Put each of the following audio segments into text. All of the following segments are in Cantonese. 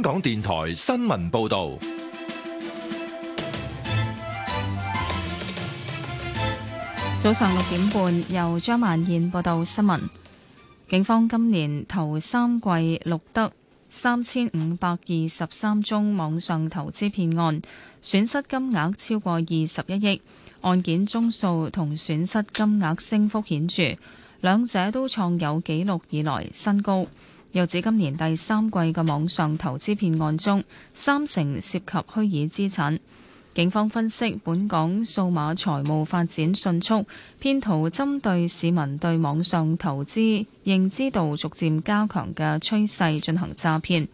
香港電台新聞報道，早上六點半，由張萬燕報道新聞。警方今年頭三季錄得三千五百二十三宗網上投資騙案，損失金額超過二十一億，案件宗數同損失金額升幅顯著，兩者都創有紀錄以來新高。又指今年第三季嘅網上投資騙案中，三成涉及虛擬資產。警方分析，本港數碼財務發展迅速，騙徒針對市民對網上投資認知度逐漸加強嘅趨勢進行詐騙。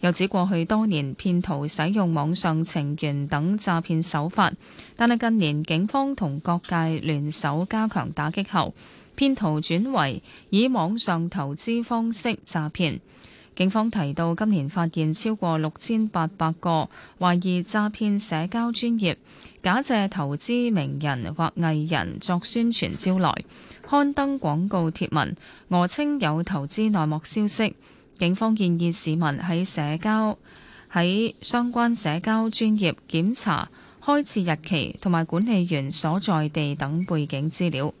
又指過去多年，騙徒使用網上情緣等詐騙手法，但係近年警方同各界聯手加強打擊後。騙徒轉為以網上投資方式詐騙，警方提到今年發現超過六千八百個懷疑詐騙社交專頁，假借投資名人或藝人作宣傳招徠，刊登廣告貼文，訛稱有投資內幕消息。警方建議市民喺社交喺相關社交專頁檢查開設日期同埋管理員所在地等背景資料。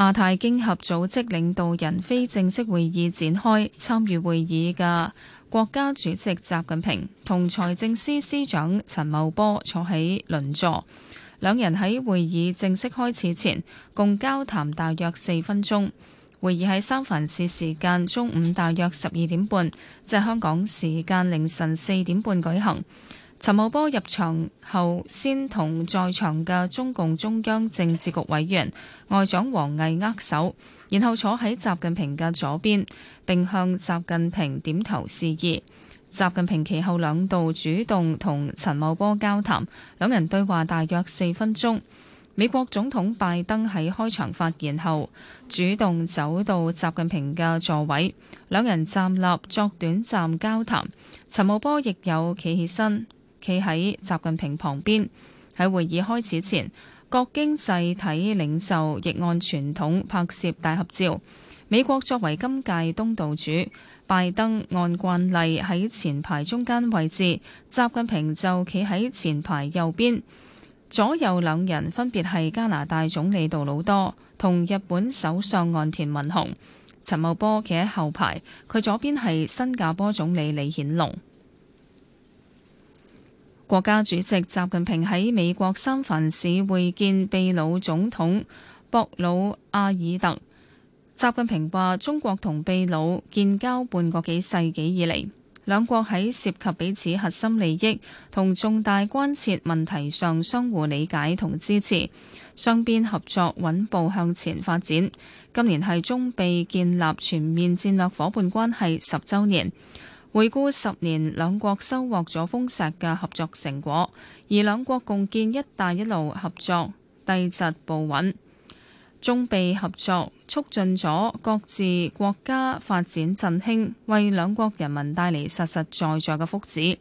亞太經合組織領導人非正式會議展開，參與會議嘅國家主席習近平同財政司司長陳茂波坐喺鄰座，兩人喺會議正式開始前共交談大約四分鐘。會議喺三藩市時間中午大約十二點半，即係香港時間凌晨四點半舉行。陳茂波入場後，先同在場嘅中共中央政治局委員外長王毅握手，然後坐喺習近平嘅左邊，並向習近平點頭示意。習近平其後兩度主動同陳茂波交談，兩人對話大約四分鐘。美國總統拜登喺開場發言後，主動走到習近平嘅座位，兩人站立作短暫交談。陳茂波亦有企起身。企喺習近平旁邊，喺會議開始前，各經濟體領袖亦按傳統拍攝大合照。美國作為今屆東道主，拜登按慣例喺前排中間位置，習近平就企喺前排右邊。左右兩人分別係加拿大總理杜魯多同日本首相岸田文雄。陳茂波企喺後排，佢左邊係新加坡總理李顯龍。國家主席習近平喺美國三藩市會見秘魯總統博魯阿爾特。習近平話：中國同秘魯建交半個幾世紀以嚟，兩國喺涉及彼此核心利益同重大關切問題上相互理解同支持，雙邊合作穩步向前發展。今年係中秘建立全面戰略夥伴關係十週年。回顧十年兩國收穫咗豐碩嘅合作成果，而兩國共建「一帶一路」合作低質步穩，中秘合作促進咗各自國家發展振興，為兩國人民帶嚟實實在在嘅福祉。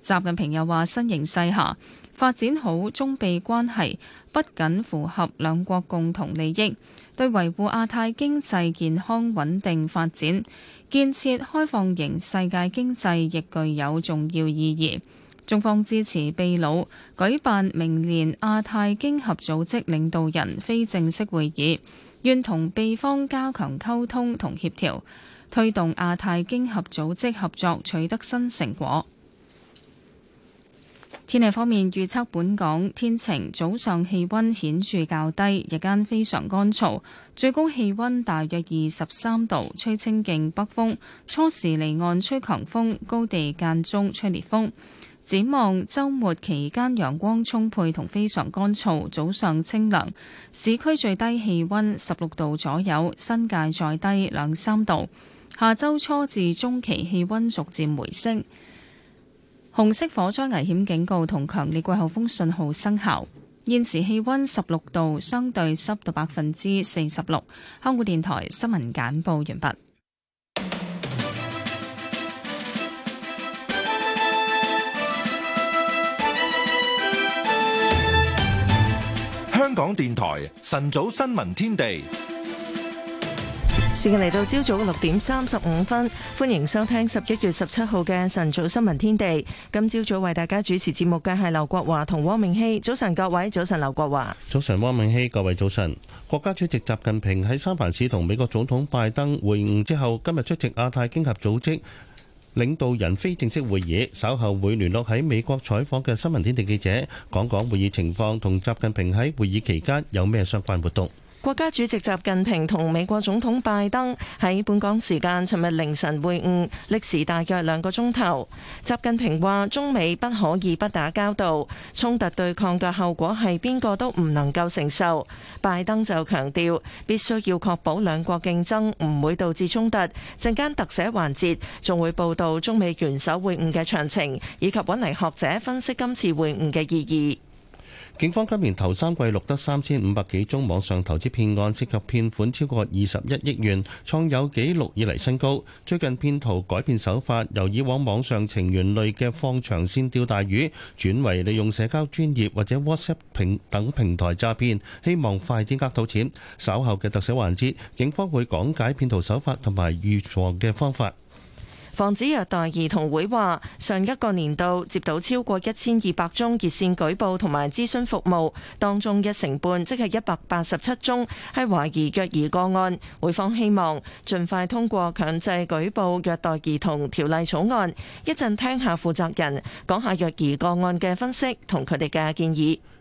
習近平又話：新形勢下，發展好中秘關係不僅符合兩國共同利益，對維護亞太經濟健康穩定發展。建設開放型世界經濟亦具有重要意義。中方支持秘魯舉辦明年亞太經合組織領導人非正式會議，願同秘方加強溝通同協調，推動亞太經合組織合作取得新成果。天氣方面預測，本港天晴，早上氣溫顯著較低，日間非常乾燥，最高氣溫大約二十三度，吹清勁北風，初時離岸吹強風，高地間中吹烈風。展望週末期間陽光充沛同非常乾燥，早上清涼，市區最低氣溫十六度左右，新界再低兩三度。下週初至中期氣溫逐漸回升。紅色火災危險警告同強烈季候風信號生效。現時氣溫十六度，相對濕度百分之四十六。香港電台新聞簡報完畢。香港電台晨早新聞天地。時間嚟到朝早六點三十五分，歡迎收聽十一月十七號嘅晨早新聞天地。今朝早為大家主持節目嘅係劉國華同汪明熙。早晨各位，早晨劉國華，早晨汪明熙，各位早晨。國家主席習近平喺三藩市同美國總統拜登會晤之後，今日出席亞太經合組織領導人非正式會議，稍後會聯絡喺美國採訪嘅新聞天地記者，講講會議情況同習近平喺會議期間有咩相關活動。國家主席習近平同美國總統拜登喺本港時間尋日凌晨會晤，歷時大約兩個鐘頭。習近平話：中美不可以不打交道，衝突對抗嘅後果係邊個都唔能夠承受。拜登就強調，必須要確保兩國競爭唔會導致衝突。陣間特寫環節仲會報道中美元首會晤嘅詳情，以及搵嚟學者分析今次會晤嘅意義。警方今年頭三季錄得三千五百幾宗網上投資騙案，涉及騙款超過二十一億元，創有紀錄以嚟新高。最近騙徒改變手法，由以往網上情緣類嘅放長線釣大魚，轉為利用社交專頁或者 WhatsApp 等平台詐騙，希望快啲呃到錢。稍後嘅特寫環節，警方會講解騙徒手法同埋預防嘅方法。防止虐待兒童會話，上一個年度接到超過一千二百宗熱線舉報同埋諮詢服務，當中一成半，即係一百八十七宗，係懷疑虐兒個案。會方希望盡快通過強制舉報虐待兒童條例草案。一陣聽下負責人講下虐兒個案嘅分析同佢哋嘅建議。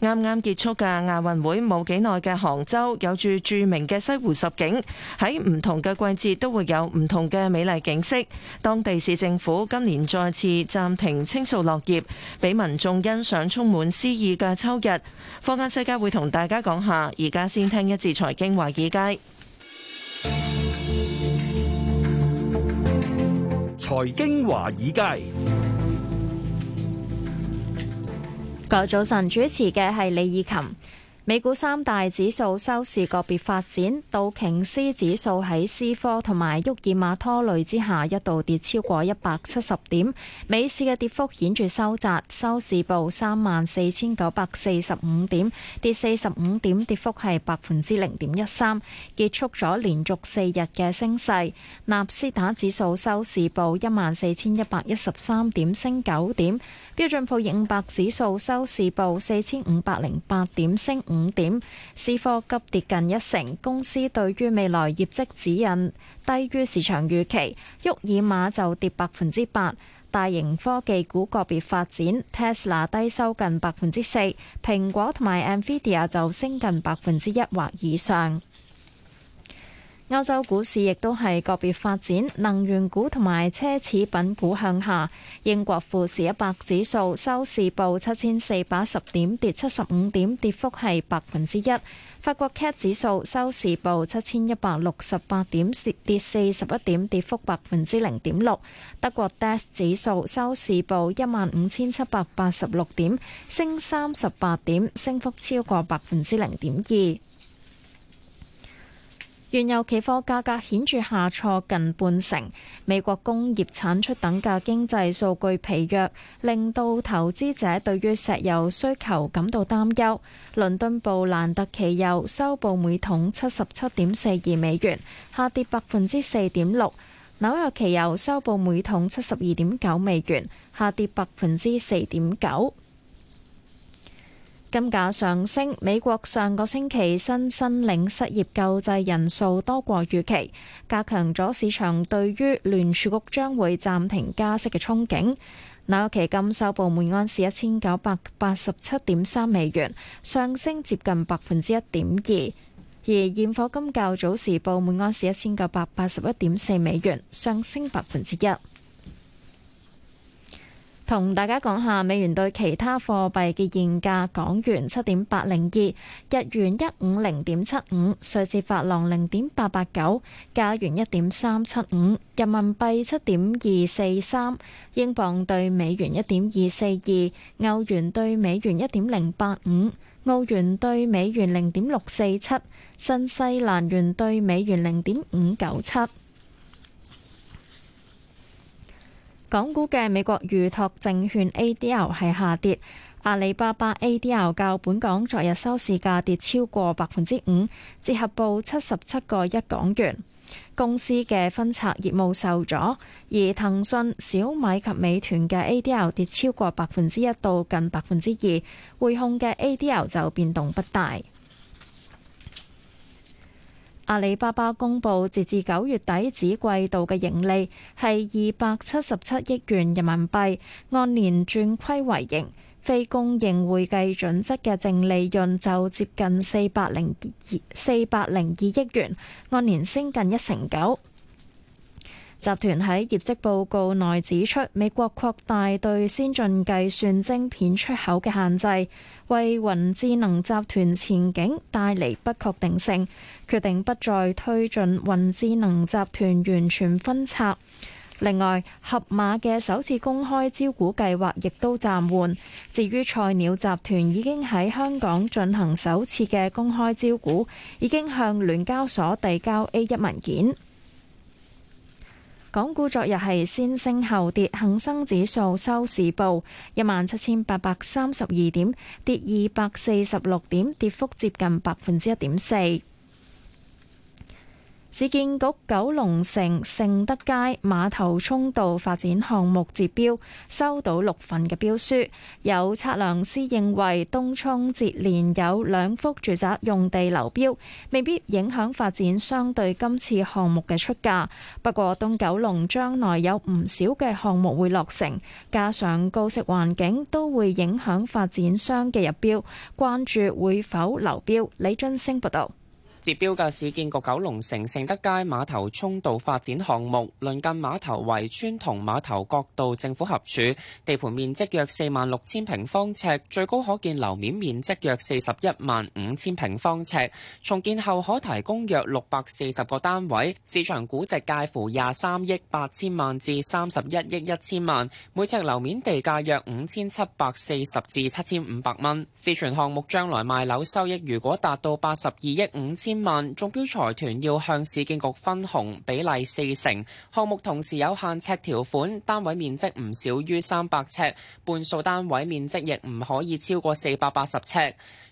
啱啱結束嘅亞運會冇幾耐嘅杭州，有住著名嘅西湖十景，喺唔同嘅季節都會有唔同嘅美麗景色。當地市政府今年再次暫停清掃落葉，俾民眾欣賞充滿詩意嘅秋日。放眼世界會同大家講下，而家先聽一節財經華爾街。財經華爾街。個早晨主持嘅係李以琴。美股三大指數收市個別發展，道瓊斯指數喺思科同埋沃爾瑪拖累之下，一度跌超過一百七十點，美市嘅跌幅顯著收窄，收市報三萬四千九百四十五點，跌四十五點，跌幅係百分之零點一三，結束咗連續四日嘅升勢。納斯達指數收市報一萬四千一百一十三點，升九點。標準普爾五百指數收市報四千五百零八點，升五點。市科急跌近一成。公司對於未來業績指引低於市場預期。沃爾瑪就跌百分之八。大型科技股個別發展，Tesla 低收近百分之四，蘋果同埋 Nvidia 就升近百分之一或以上。歐洲股市亦都係個別發展，能源股同埋奢侈品股向下。英國富時一百指數收市報七千四百十點，跌七十五點，跌幅係百分之一。法國 CAC 指數收市報七千一百六十八點，跌四十一點，跌幅百分之零點六。德國 DAX 指數收市報一萬五千七百八十六點，升三十八點，升幅超過百分之零點二。原油期貨價格顯著下挫近半成，美國工業產出等價經濟數據疲弱，令到投資者對於石油需求感到擔憂。倫敦布蘭特期油收報每桶七十七點四二美元，下跌百分之四點六；紐約期油收報每桶七十二點九美元，下跌百分之四點九。金價上升，美國上個星期新申領失業救濟人數多過預期，加強咗市場對於聯儲局將會暫停加息嘅憧憬。紐約期金收報每盎司一千九百八十七點三美元，上升接近百分之一點二；而現貨金較早時報每盎司一千九百八十一點四美元，上升百分之一。同大家講下美元對其他貨幣嘅現價：港元七點八零二，日元一五零點七五，瑞士法郎零點八八九，加元一點三七五，人民幣七點二四三，英鎊對美元一點二四二，歐元對美元一點零八五，澳元對美元零點六四七，新西蘭元對美元零點五九七。港股嘅美國預託證券 ADL 係下跌，阿里巴巴 ADL 較本港昨日收市價跌超過百分之五，折合報七十七個一港元。公司嘅分拆業務受阻，而騰訊、小米及美團嘅 ADL 跌超過百分之一到近百分之二，匯控嘅 ADL 就變動不大。阿里巴巴公布截至九月底止季度嘅盈利係二百七十七億元人民幣，按年轉虧為盈，非公認會計準則嘅淨利潤就接近四百零二四百零二億元，按年升近一成九。集團喺業績報告內指出，美國擴大對先進計算晶片出口嘅限制，為雲智能集團前景帶嚟不確定性，決定不再推進雲智能集團完全分拆。另外，盒馬嘅首次公開招股計劃亦都暫緩。至於菜鳥集團已經喺香港進行首次嘅公開招股，已經向聯交所遞交 A1 文件。港股昨日係先升後跌，恒生指數收市報一萬七千八百三十二點，跌二百四十六點，跌幅接近百分之一點四。市建局九龍城盛德街碼頭涌道發展項目截標，收到六份嘅標書。有測量師認為東涌接連有兩幅住宅用地流標，未必影響發展商對今次項目嘅出價。不過東九龍將來有唔少嘅項目會落成，加上高息環境都會影響發展商嘅入標，關注會否流標。李津升報道。接標嘅市建局九龍城盛德街馬頭涌道發展項目，鄰近馬頭圍村同馬頭角道，政府合署，地盤面積約四萬六千平方尺，最高可建樓面面積約四十一萬五千平方尺，重建後可提供約六百四十個單位，市場估值介乎廿三億八千萬至三十一億一千萬，每尺樓面地價約五千七百四十至七千五百蚊。自存項目將來賣樓收益，如果達到八十二億五千千萬中標財團要向市建局分紅比例四成。項目同時有限呎條款，單位面積唔少於三百呎，半數單位面積亦唔可以超過四百八十呎。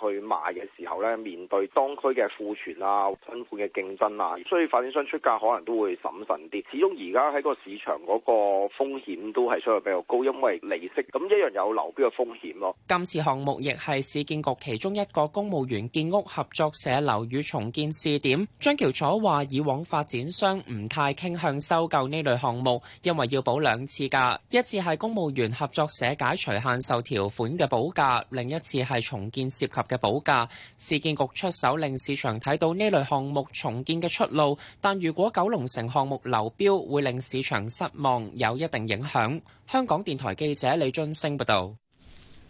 去買嘅時候咧，面對當區嘅庫存啊、新款嘅競爭啊，所以發展商出價可能都會審慎啲。始終而家喺個市場嗰個風險都係相對比較高，因為利息咁一樣有流標嘅風險咯。今次項目亦係市建局其中一個公務員建屋合作社樓宇重建試點。張橋楚話：以往發展商唔太傾向收購呢類項目，因為要補兩次價，一次係公務員合作社解除限售條款嘅補價，另一次係重建涉及嘅保價，市建局出手令市場睇到呢類項目重建嘅出路，但如果九龍城項目流標，會令市場失望，有一定影響。香港電台記者李俊升報道。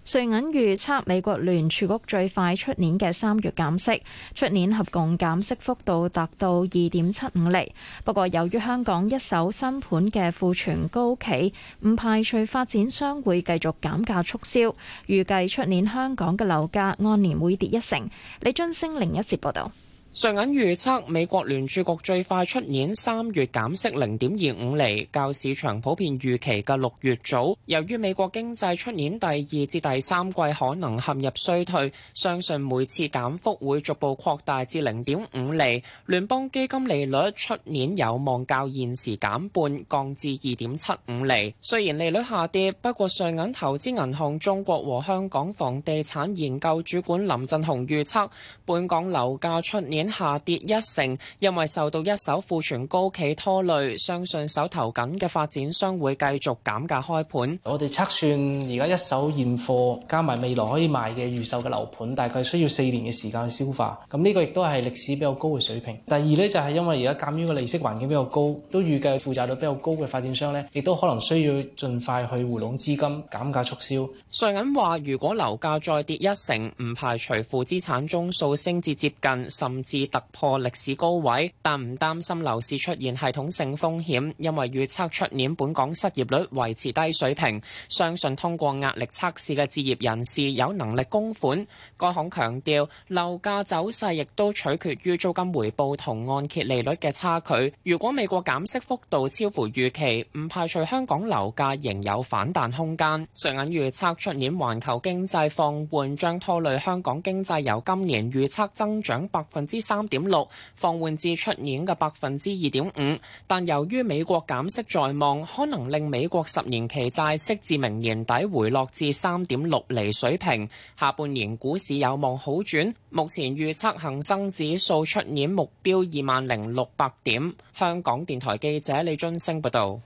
瑞銀預測美國聯儲局最快出年嘅三月減息，出年合共減息幅度達到二點七五厘。不過由於香港一手新盤嘅庫存高企，唔排除發展商會繼續減價促銷。預計出年香港嘅樓價按年會跌一成。李津升另一節報道。瑞銀預測美國聯儲局最快出年三月減息零點二五厘，較市場普遍預期嘅六月早。由於美國經濟出年第二至第三季可能陷入衰退，相信每次減幅會逐步擴大至零點五厘。聯邦基金利率出年有望較現時減半，降至二點七五厘。雖然利率下跌，不過瑞銀投資銀行中國和香港房地產研究主管林振雄預測，本港樓價出年下跌一成，因為受到一手庫存高企拖累，相信手頭緊嘅發展商會繼續減價開盤。我哋測算而家一手現貨加埋未來可以賣嘅預售嘅樓盤，大概需要四年嘅時間去消化。咁呢個亦都係歷史比較高嘅水平。第二呢，就係因為而家鑑於個利息環境比較高，都預計負債率比較高嘅發展商呢，亦都可能需要盡快去回籠資金，減價促銷。上銀話，如果樓價再跌一成，唔排除負資產宗數升至接近甚至。至突破歷史高位，但唔擔心樓市出現系統性風險，因為預測出年本港失業率維持低水平，相信通過壓力測試嘅置業人士有能力供款。該行強調樓價走勢亦都取決於租金回報同按揭利率嘅差距。如果美國減息幅度超乎預期，唔排除香港樓價仍有反彈空間，上銀預測出年環球經濟放緩將拖累香港經濟由今年預測增長百分之。三點六放緩至出年嘅百分之二點五，但由於美國減息在望，可能令美國十年期債息至明年底回落至三點六厘水平。下半年股市有望好轉，目前預測恒生指數出年目標二萬零六百點。香港電台記者李津升報道。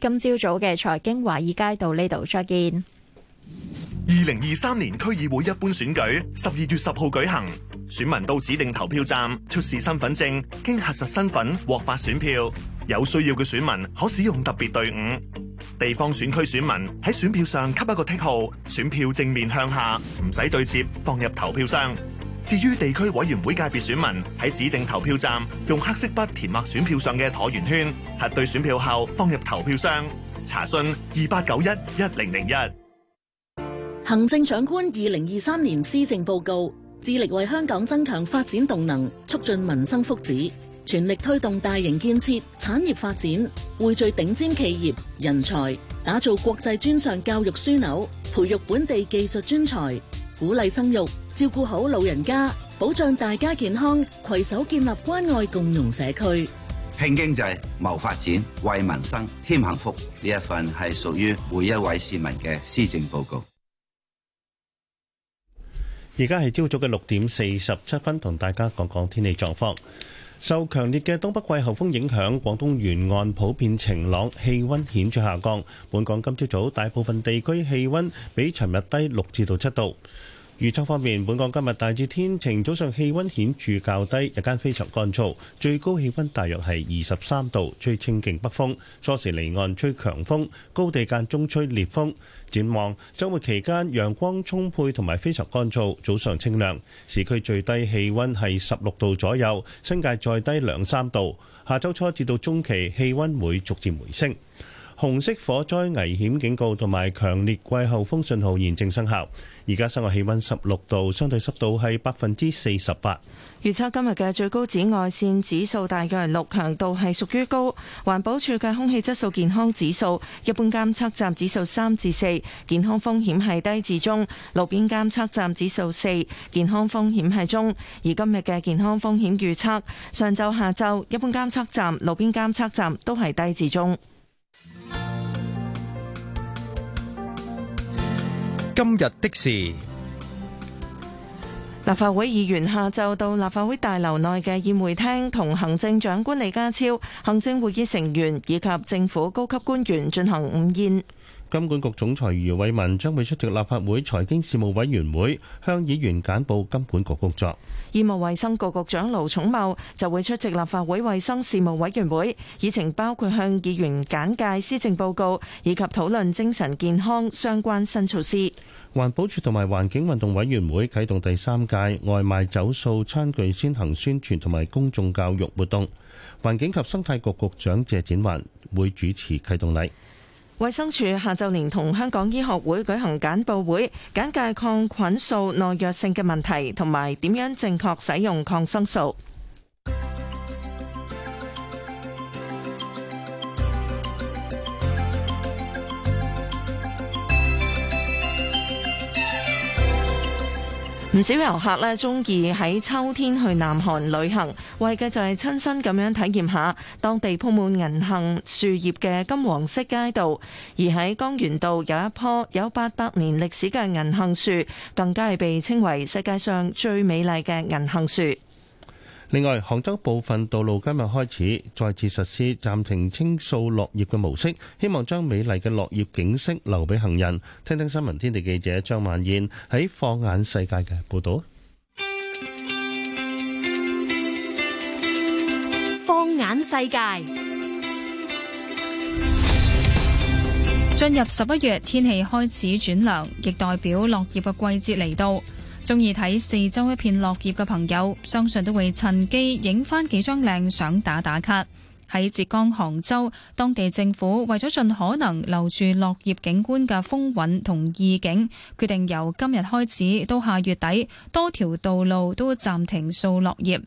今朝早嘅財經華爾街到呢度再見。二零二三年區議會一般選舉十二月十號舉行，選民到指定投票站出示身份證，經核實身份獲發選票。有需要嘅選民可使用特別隊伍。地方選區選民喺選票上給一個剔號，選票正面向下，唔使對接，放入投票箱。至於地區委員會界別選民喺指定投票站用黑色筆填滿選票上嘅橢圓圈，核對選票後放入投票箱。查詢二八九一一零零一。行政長官二零二三年施政報告，致力為香港增強發展動能，促進民生福祉，全力推動大型建設、產業發展，匯聚頂尖企業人才，打造國際專上教育樞紐，培育本地技術專才，鼓勵生育，照顧好老人家，保障大家健康，攜手建立關愛共融社區，興經濟、謀發展、為民生添幸福。呢一份係屬於每一位市民嘅施政報告。而家係朝早嘅六點四十七分，同大家講講天氣狀況。受強烈嘅東北季候風影響，廣東沿岸普遍晴朗，氣温顯著下降。本港今朝早大部分地區氣温比尋日低六至到七度。預測方面，本港今日大致天晴，早上氣温顯著較低，日間非常乾燥，最高氣温大約係二十三度，吹清勁北風，初時離岸吹強風，高地間中吹烈風。展望週末期間，陽光充沛同埋非常乾燥，早上清涼，市區最低氣温係十六度左右，新界再低兩三度。下周初至到中期，氣温會逐漸回升。紅色火災危險警告同埋強烈季候風信號現正生效。而家室外氣温十六度，相對濕度係百分之四十八。預測今日嘅最高紫外線指數大概係六，強度係屬於高。環保署嘅空氣質素健康指數，一般監測站指數三至四，健康風險係低至中；路邊監測站指數四，健康風險係中。而今日嘅健康風險預測，上晝下晝一般監測站、路邊監測站都係低至中。今日的事，立法會議員下晝到立法會大樓內嘅宴會廳，同行政長官李家超、行政會議成員以及政府高級官員進行午宴。金管局總裁余偉文將會出席立法會財經事務委員會，向議員簡報金管局工作。醫務衛生局局長盧寵茂就會出席立法會衛生事務委員會，議程包括向議員簡介施政報告以及討論精神健康相關新措施。環保署同埋環境運動委員會啟動第三屆外賣走塑餐具先行宣傳同埋公眾教育活動，環境及生態局局長謝展寰會主持啟動禮。衛生署下晝連同香港醫學會舉行簡報會，簡介抗菌素耐藥性嘅問題，同埋點樣正確使用抗生素。唔少遊客呢中意喺秋天去南韓旅行，為嘅就係親身咁樣體驗下當地鋪滿銀杏樹葉嘅金黃色街道。而喺江原道有一棵有八百年歷史嘅銀杏樹，更加係被稱為世界上最美麗嘅銀杏樹。另外，杭州部分道路今日開始再次實施暫停清掃落葉嘅模式，希望將美麗嘅落葉景色留俾行人。聽聽新聞天地記者張萬燕喺《放眼世界》嘅報道。放眼世界，進入十一月，天氣開始轉涼，亦代表落葉嘅季節嚟到。中意睇四周一片落葉嘅朋友，相信都會趁機影翻幾張靚相打打卡。喺浙江杭州，當地政府為咗盡可能留住落葉景觀嘅風韻同意境，決定由今日開始到下月底，多條道路都暫停掃落葉。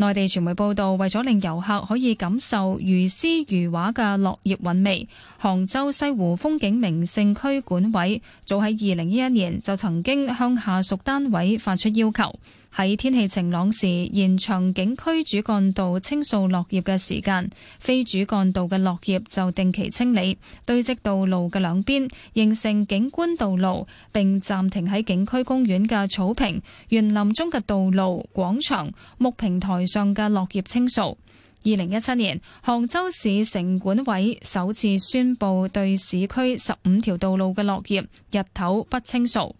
內地傳媒報道，為咗令遊客可以感受如詩如畫嘅落葉韻味，杭州西湖風景名勝區管委早喺二零一一年就曾經向下屬單位發出要求。喺天氣晴朗時，延長景區主幹道清掃落葉嘅時間；非主幹道嘅落葉就定期清理，堆積道路嘅兩邊，形成景觀道路。並暫停喺景區公園嘅草坪、園林中嘅道路、廣場、木平台上嘅落葉清掃。二零一七年，杭州市城管委首次宣布對市區十五條道路嘅落葉日頭不清掃。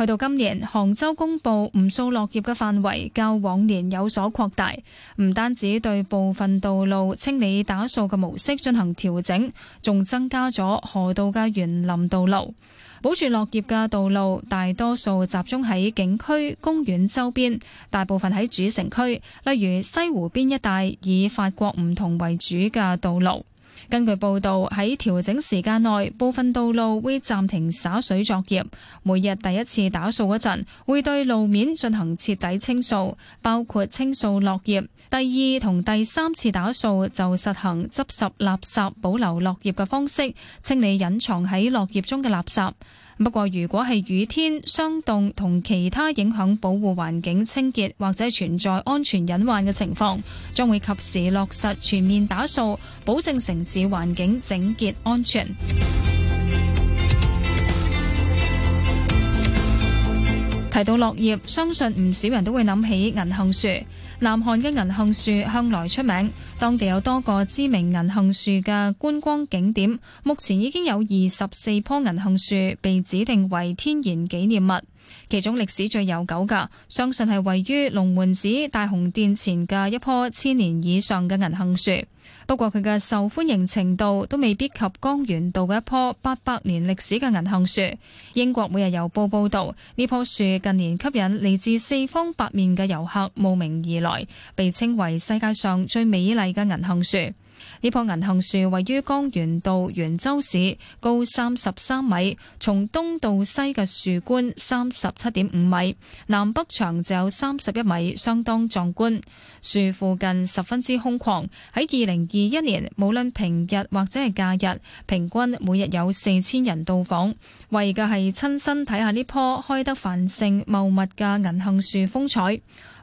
去到今年，杭州公布唔掃落葉嘅範圍較往年有所擴大，唔單止對部分道路清理打掃嘅模式進行調整，仲增加咗河道嘅園林道路。保住落葉嘅道路，大多數集中喺景區、公園周邊，大部分喺主城區，例如西湖邊一帶以法國梧桐為主嘅道路。根據報道，喺調整時間內，部分道路會暫停灑水作業。每日第一次打掃嗰陣，會對路面進行徹底清掃，包括清掃落葉。第二同第三次打掃就實行執拾垃圾、保留落葉嘅方式，清理隱藏喺落葉中嘅垃圾。不過，如果係雨天、霜凍同其他影響保護環境清潔，或者存在安全隱患嘅情況，將會及時落實全面打掃，保證城市環境整潔安全。提到落葉，相信唔少人都會諗起銀杏樹。南韓嘅銀杏樹向來出名，當地有多個知名銀杏樹嘅觀光景點，目前已經有二十四棵銀杏樹被指定為天然紀念物，其中歷史最悠久嘅，相信係位於龍門寺大雄殿前嘅一棵千年以上嘅銀杏樹。不過佢嘅受歡迎程度都未必及江原道嘅一棵八百年歷史嘅銀杏樹。英國每日郵報報道，呢棵樹近年吸引嚟自四方八面嘅遊客慕名而來，被稱為世界上最美麗嘅銀杏樹。呢棵銀杏樹位於江原道原州市，高三十三米，從東到西嘅樹冠三十七點五米，南北長就有三十一米，相當壯觀。樹附近十分之空曠，喺二零二一年，無論平日或者係假日，平均每日有四千人到訪，為嘅係親身睇下呢棵開得繁盛茂密嘅銀杏樹風采。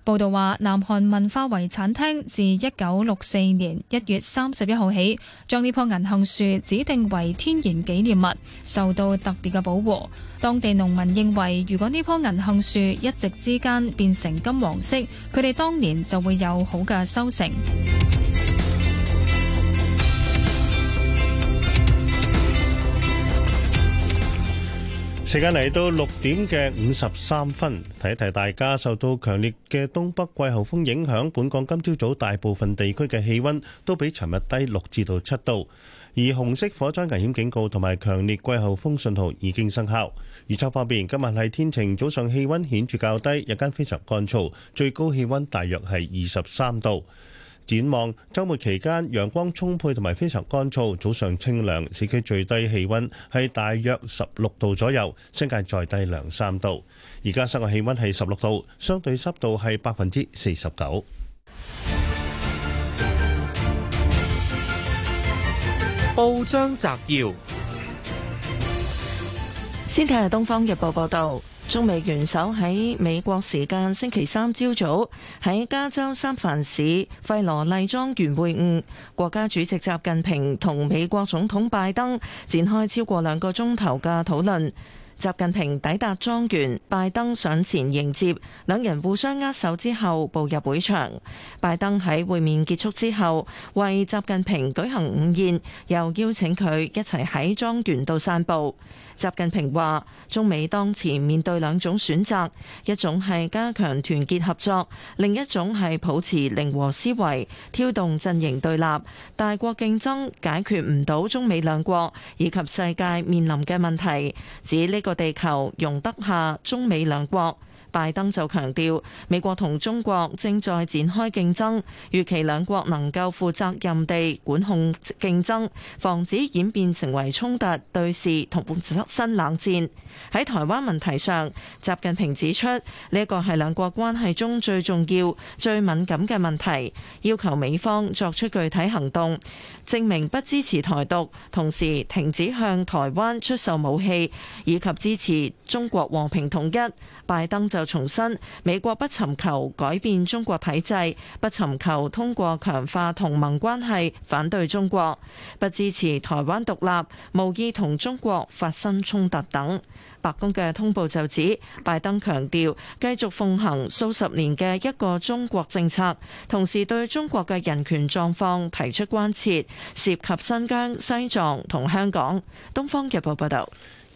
報道話，南韓文化遺產廳自一九六四年一月三十一號起，將呢棵銀杏樹指定為天然紀念物，受到特別嘅保護。當地農民認為，如果呢棵銀杏樹一直之間變成金黃色，佢哋當年就會有好嘅收成。時間嚟到六點嘅五十三分，提一提大家，受到強烈嘅東北季候風影響，本港今朝早，早大部分地區嘅氣溫都比尋日低六至到七度，而紅色火災危險警告同埋強烈季候風信號已經生效。預測方面，今日係天晴，早上氣溫顯著較低，日間非常乾燥，最高氣溫大約係二十三度。展望週末期間，陽光充沛同埋非常乾燥，早上清涼，市區最低氣溫係大約十六度左右，新界再低兩三度。而家室外氣溫係十六度，相對濕度係百分之四十九。報章摘要，先睇下《東方日報》報道。中美元首喺美國時間星期三朝早，喺加州三藩市費羅麗莊園會晤。國家主席習近平同美國總統拜登展開超過兩個鐘頭嘅討論，習近平抵達莊園，拜登上前迎接，兩人互相握手之後步入會場。拜登喺會面結束之後為習近平舉行午宴，又邀請佢一齊喺莊園度散步。習近平話：中美當前面對兩種選擇，一種係加強團結合作，另一種係抱持零和思維，挑動陣營對立。大國競爭解決唔到中美兩國以及世界面臨嘅問題，指呢個地球容得下中美兩國。拜登就強調，美國同中國正在展開競爭，預期兩國能夠負責任地管控競爭，防止演變成為衝突對峙同新冷戰。喺台灣問題上，習近平指出呢一個係兩國關係中最重要、最敏感嘅問題，要求美方作出具體行動，證明不支持台獨，同時停止向台灣出售武器，以及支持中國和平統一。拜登就重申，美國不尋求改變中國體制，不尋求通過強化同盟關係反對中國，不支持台灣獨立，無意同中國發生衝突等。白宮嘅通報就指，拜登強調繼續奉行數十年嘅一個中國政策，同時對中國嘅人權狀況提出關切，涉及新疆、西藏同香港。東方日報報道。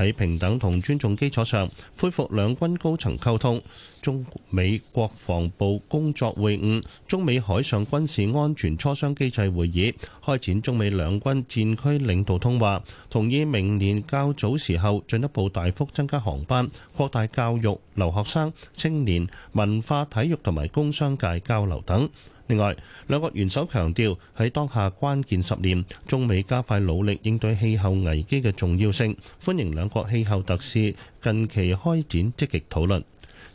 喺平等同尊重基礎上，恢復兩軍高層溝通，中美國防部工作會晤，中美海上軍事安全磋商機制會議，開展中美兩軍戰區領導通話，同意明年較早時候進一步大幅增加航班，擴大教育、留學生、青年、文化、體育同埋工商界交流等。另外，兩個元首強調，喺當下關鍵十年，中美加快努力應對氣候危機嘅重要性，歡迎兩國氣候特使近期開展積極討論。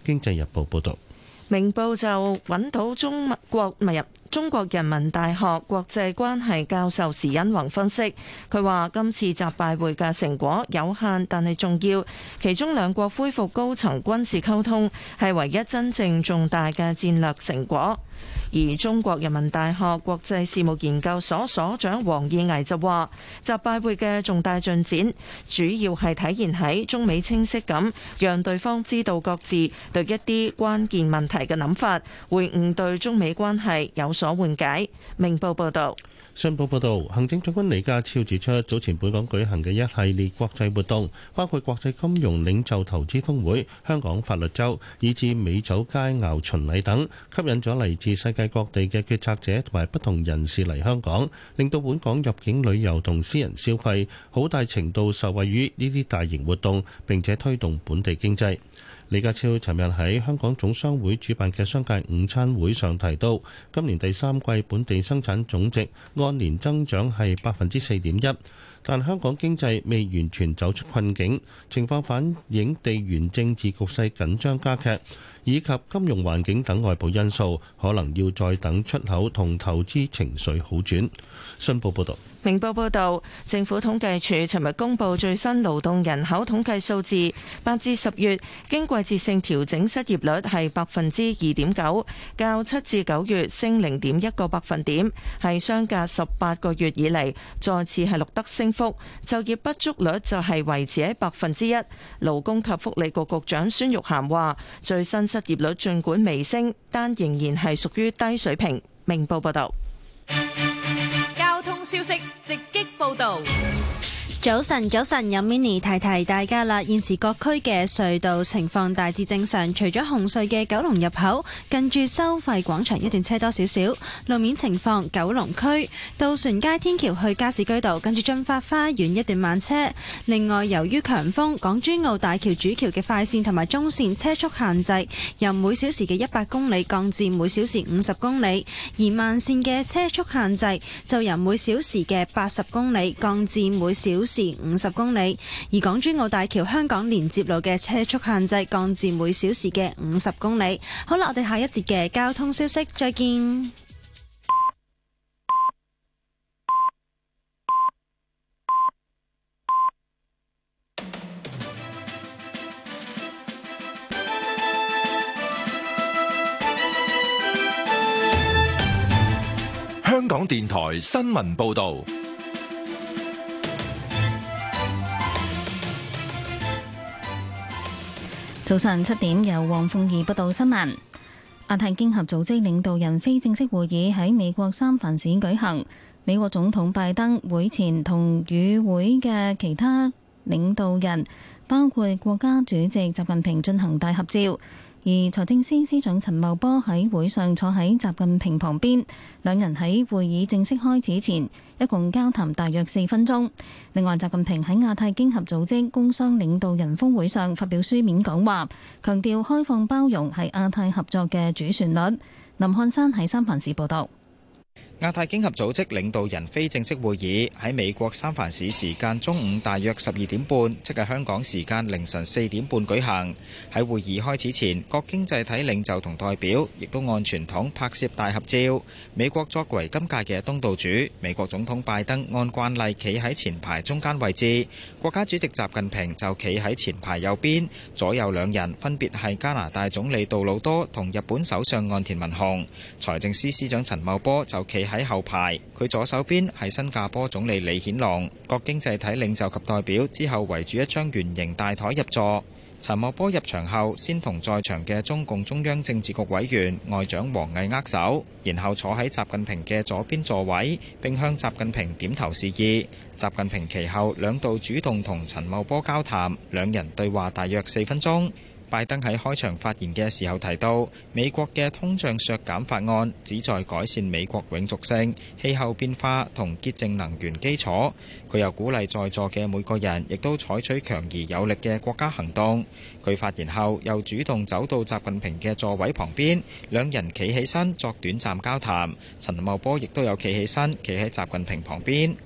經濟日報報道，明報就揾到中國咪入。中國人民大學國際關係教授時殷弘分析，佢話今次習拜會嘅成果有限，但係重要。其中兩國恢復高層軍事溝通係唯一真正重大嘅戰略成果。而中國人民大學國際事務研究所所,所長黃義毅就話，習拜會嘅重大進展主要係體現喺中美清晰咁讓對方知道各自對一啲關鍵問題嘅諗法，會誤對中美關係有。所緩解。明報報道，商報報道，行政長官李家超指出，早前本港舉行嘅一系列國際活動，包括國際金融領袖投資峰會、香港法律週，以至美酒佳餚巡禮等，吸引咗嚟自世界各地嘅決策者同埋不同人士嚟香港，令到本港入境旅遊同私人消費好大程度受惠於呢啲大型活動，並且推動本地經濟。李家超尋日喺香港總商會主辦嘅商界午餐會上提到，今年第三季本地生產總值按年增長係百分之四點一，但香港經濟未完全走出困境，情況反映地緣政治局勢緊張加劇，以及金融環境等外部因素，可能要再等出口同投資情緒好轉。信報報道，明報報道，政府統計處尋日公布最新勞動人口統計數字，八至十月經季節性調整失業率係百分之二點九，較七至九月升零點一個百分點，係相隔十八個月以嚟再次係錄得升幅。就業不足率就係維持喺百分之一。勞工及福利局局長孫玉菡話：最新。失業率盡管微升，但仍然係屬於低水平。明報報道：交通消息，直擊報道。早晨，早晨，有 Minnie 提提大家啦。現時各區嘅隧道情況大致正常，除咗紅隧嘅九龍入口近住收費廣場一段車多少少。路面情況，九龍區渡船街天橋去加士居道，跟住駿發花園一段慢車。另外，由於強風，港珠澳大橋主橋嘅快線同埋中線車速限制由每小時嘅一百公里降至每小時五十公里，而慢線嘅車速限制就由每小時嘅八十公里降至每小時。至五十公里，而港珠澳大橋香港連接路嘅車速限制降至每小時嘅五十公里。好啦，我哋下一節嘅交通消息，再見。香港電台新聞報道。早上七點由黃鳳儀報道新聞。亞太經合組織領導人非正式會議喺美國三藩市舉行，美國總統拜登會前同與會嘅其他領導人，包括國家主席習近平進行大合照。而財政司司長陳茂波喺會上坐喺習近平旁邊，兩人喺會議正式開始前，一共交談大約四分鐘。另外，習近平喺亞太經合組織工商領導人峰會上發表書面講話，強調開放包容係亞太合作嘅主旋律。林漢山喺三藩市報導。亞太經合組織領導人非正式會議喺美國三藩市時間中午大約十二點半，即係香港時間凌晨四點半舉行。喺會議開始前，各經濟體領袖同代表亦都按傳統拍攝大合照。美國作為今屆嘅東道主，美國總統拜登按慣例企喺前排中間位置，國家主席習近平就企喺前排右邊，左右兩人分別係加拿大總理杜魯多同日本首相岸田文雄，財政司司長陳茂波就企喺後排，佢左手邊係新加坡總理李顯龍，各經濟體領袖及代表之後圍住一張圓形大台入座。陳茂波入場後，先同在場嘅中共中央政治局委員外長王毅握手，然後坐喺習近平嘅左邊座位，並向習近平點頭示意。習近平其後兩度主動同陳茂波交談，兩人對話大約四分鐘。拜登喺開場發言嘅時候提到，美國嘅通脹削減法案旨在改善美國永續性、氣候變化同潔淨能源基礎。佢又鼓勵在座嘅每個人亦都採取強而有力嘅國家行動。佢發言後又主動走到習近平嘅座位旁邊，兩人企起身作短暫交談。陳茂波亦都有企起身，企喺習近平旁邊。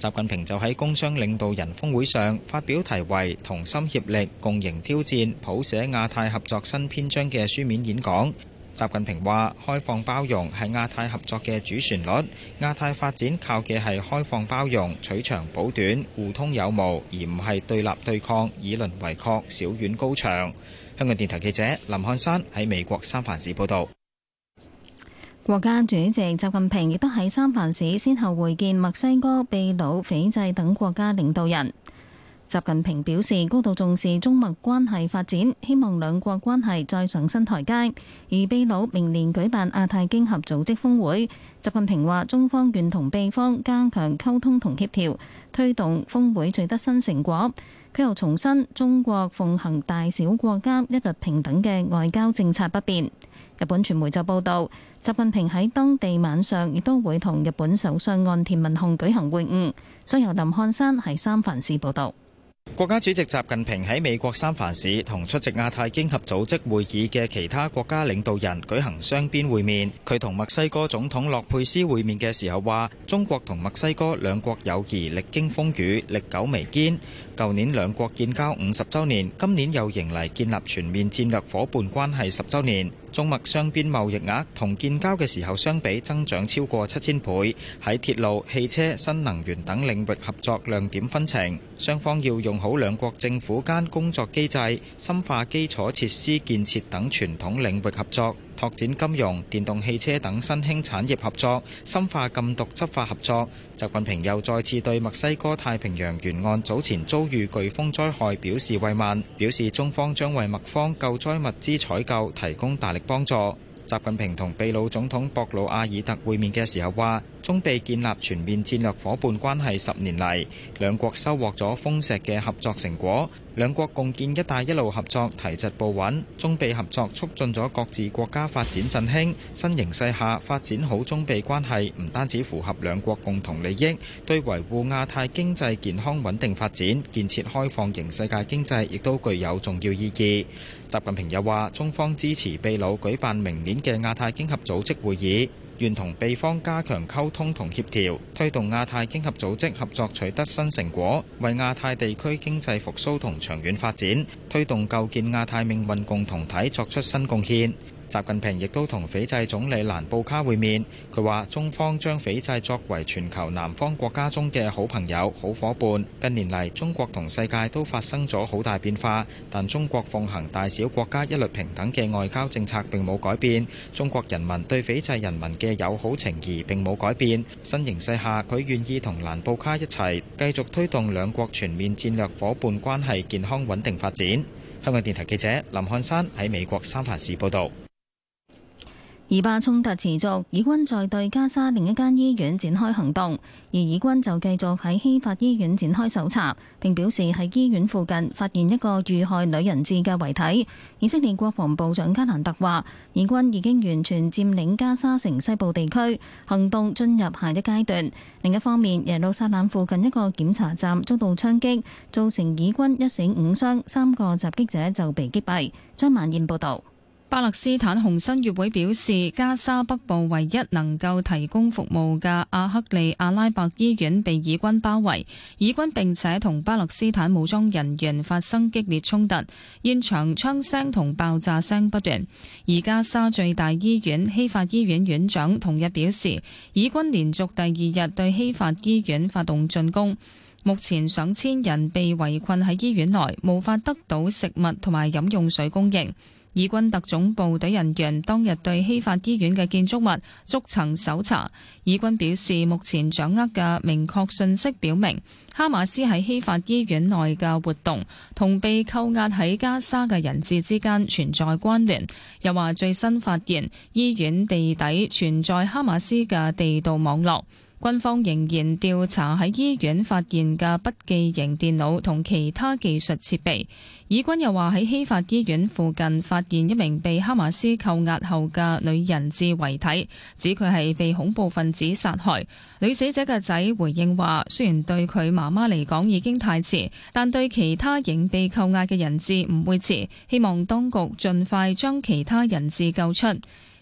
習近平就喺工商領導人峰會上發表題為同心協力共迎挑戰譜寫亞太合作新篇章嘅書面演講習近平話,開放包容係亞太合作嘅主旋律亞太發展靠嘅係開放包容,取長補短,互通有無,而唔係對立對抗,以鄰為壑,小院高牆。香港電台記者林漢山喺美國三藩市報道國家主席習近平亦都喺三藩市先後會見墨西哥、秘魯、斐濟等國家領導人。習近平表示高度重視中墨關係發展，希望兩國關係再上新台階。而秘魯明年舉辦亞太經合組織峰會，習近平話中方願同秘方加強溝通同協調，推動峰會取得新成果。佢又重申中國奉行大小國家一律平等嘅外交政策不變。日本傳媒就報道。習近平喺當地晚上亦都會同日本首相岸田文雄舉行會晤。所以由林漢山喺三藩市報道。國家主席習近平喺美國三藩市同出席亞太經合組織會議嘅其他國家領導人舉行雙邊會面。佢同墨西哥總統洛佩斯會面嘅時候話，中國同墨西哥兩國友誼歷經風雨，歷久彌堅。舊年兩國建交五十週年，今年又迎嚟建立全面戰略夥伴關係十週年。中墨雙邊貿易額同建交嘅時候相比，增長超過七千倍。喺鐵路、汽車、新能源等領域合作亮點紛呈。雙方要用好兩國政府間工作機制，深化基礎設施建設等傳統領域合作。拓展金融、電動汽車等新興產業合作，深化禁毒執法合作。習近平又再次對墨西哥太平洋沿岸早前遭遇颶風災害表示慰問，表示中方將為墨方救災物資採購提供大力幫助。習近平同秘魯總統博魯阿爾特會面嘅時候話：中秘建立全面戰略伙伴關係十年嚟，兩國收穫咗豐碩嘅合作成果，兩國共建「一帶一路」合作提質步穩，中秘合作促進咗各自國家發展振興。新形勢下，發展好中秘關係唔單止符合兩國共同利益，對維護亞太經濟健康穩定發展、建設開放型世界經濟，亦都具有重要意義。習近平又話：中方支持秘魯舉辦明年嘅亞太經合組織會議，願同秘方加強溝通同協調，推動亞太經合組織合作取得新成果，為亞太地區經濟復蘇同長遠發展，推動構建亞太命運共同體作出新貢獻。習近平亦都同斐濟總理蘭布卡會面，佢話：中方將斐濟作為全球南方國家中嘅好朋友、好伙伴。近年嚟，中國同世界都發生咗好大變化，但中國奉行大小國家一律平等嘅外交政策並冇改變，中國人民對斐濟人民嘅友好情義並冇改變。新形勢下，佢願意同蘭布卡一齊繼續推動兩國全面戰略伙伴關係健康穩定發展。香港電台記者林漢山喺美國三藩市報道。以巴衝突持續，以軍在對加沙另一間醫院展開行動，而以軍就繼續喺希法醫院展開搜查，並表示喺醫院附近發現一個遇害女人質嘅遺體。以色列國防部長加蘭特話，以軍已經完全佔領加沙城西部地區，行動進入下一階段。另一方面，耶路撒冷附近一個檢查站遭到槍擊，造成以軍一死五傷，三個襲擊者就被擊斃。張曼燕報導。巴勒斯坦紅新月會表示，加沙北部唯一能夠提供服務嘅阿克利阿拉伯醫院被以軍包圍，以軍並且同巴勒斯坦武裝人員發生激烈衝突，現場槍聲同爆炸聲不斷。而加沙最大醫院希法醫院院長同日表示，以軍連續第二日對希法醫院發動進攻，目前上千人被圍困喺醫院內，無法得到食物同埋飲用水供應。以軍特種部隊人員當日對希法醫院嘅建築物逐層搜查。以軍表示，目前掌握嘅明確信息表明，哈馬斯喺希法醫院內嘅活動同被扣押喺加沙嘅人質之間存在關聯。又話最新發現，醫院地底存在哈馬斯嘅地道網絡。軍方仍然調查喺醫院發現嘅筆記型電腦同其他技術設備。以軍又話喺希法醫院附近發現一名被哈馬斯扣押後嘅女人質遺體，指佢係被恐怖分子殺害。女死者嘅仔回應話：雖然對佢媽媽嚟講已經太遲，但對其他仍被扣押嘅人質唔會遲。希望當局盡快將其他人質救出。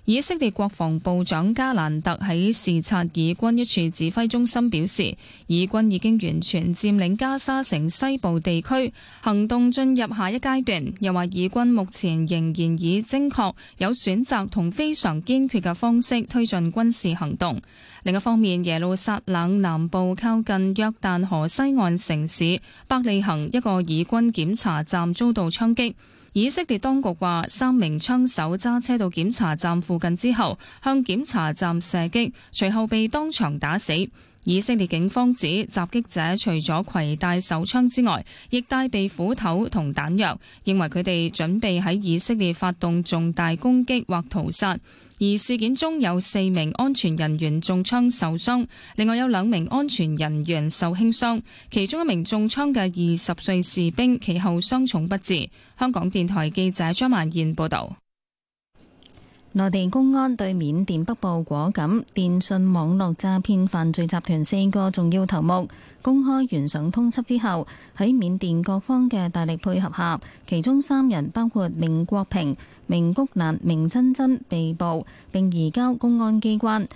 以色列國防部長加蘭特喺視察以軍一處指揮中心表示，以軍已經完全佔領加沙城西部地區，行動進入下一階段。又話以軍目前仍然以精確、有選擇同非常堅決嘅方式推進軍事行動。另一方面，耶路撒冷南部靠近約旦河西岸城市伯利恆一個以軍檢查站遭到槍擊。以色列當局話，三名槍手揸車到檢查站附近之後，向檢查站射擊，隨後被當場打死。以色列警方指，襲擊者除咗攜帶手槍之外，亦帶備斧頭同彈藥，認為佢哋準備喺以色列發動重大攻擊或屠殺。而事件中有四名安全人員中槍受傷，另外有兩名安全人員受輕傷，其中一名中槍嘅二十歲士兵其後傷重不治。香港電台記者張曼燕報道。內地公安對緬甸北部果敢電信網絡詐騙犯罪集團四個重要頭目公開懸賞通緝之後，喺緬甸各方嘅大力配合下，其中三人包括明國平、明菊蘭、明真真被捕並移交公安機關。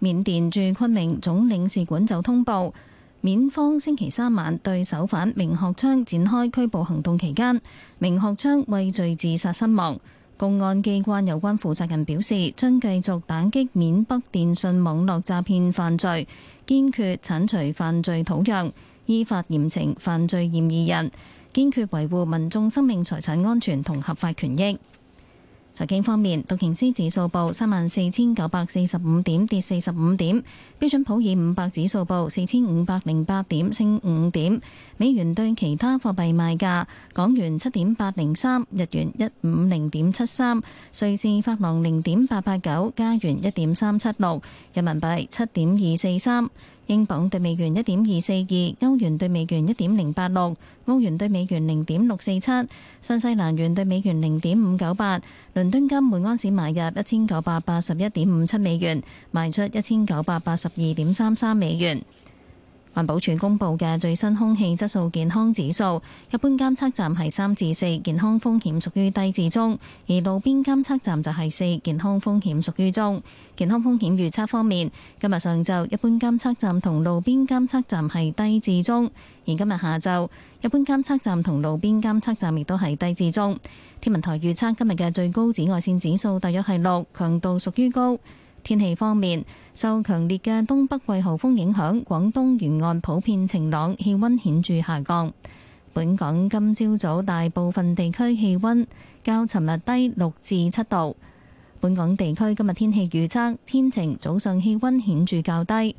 緬甸駐昆明總領事館就通報，緬方星期三晚對首犯明學昌展開拘捕行動期間，明學昌畏罪自殺身亡。公安機關有關負責人表示，將繼續打擊緬北電信網絡詐騙犯罪，堅決剷除犯罪土壤，依法嚴懲犯罪嫌疑人，堅決維護民眾生命財產安全同合法權益。財經方面，道瓊斯指數報三萬四千九百四十五點，跌四十五點；標準普爾五百指數報四千五百零八點，升五點。美元對其他貨幣賣價，港元七點八零三，日元一五零點七三，瑞士法郎零點八八九，加元一點三七六，人民幣七點二四三。英鎊對美元一點二四二，歐元對美元一點零八六，澳元對美元零點六四七，新西蘭元對美元零點五九八。倫敦金每安士買入一千九百八十一點五七美元，賣出一千九百八十二點三三美元。環保署公布嘅最新空氣質素健康指數，一般監測站係三至四，健康風險屬於低至中；而路邊監測站就係四，健康風險屬於中。健康風險預測方面，今日上晝一般監測站同路邊監測站係低至中，而今日下晝一般監測站同路邊監測站亦都係低至中。天文台預測今日嘅最高紫外線指數大約係六，強度屬於高。天氣方面，受強烈嘅東北季候風影響，廣東沿岸普遍晴朗，氣温顯著下降。本港今朝早大部分地區氣温較尋日低六至七度。本港地區今日天氣預測天晴，早上氣温顯著較低，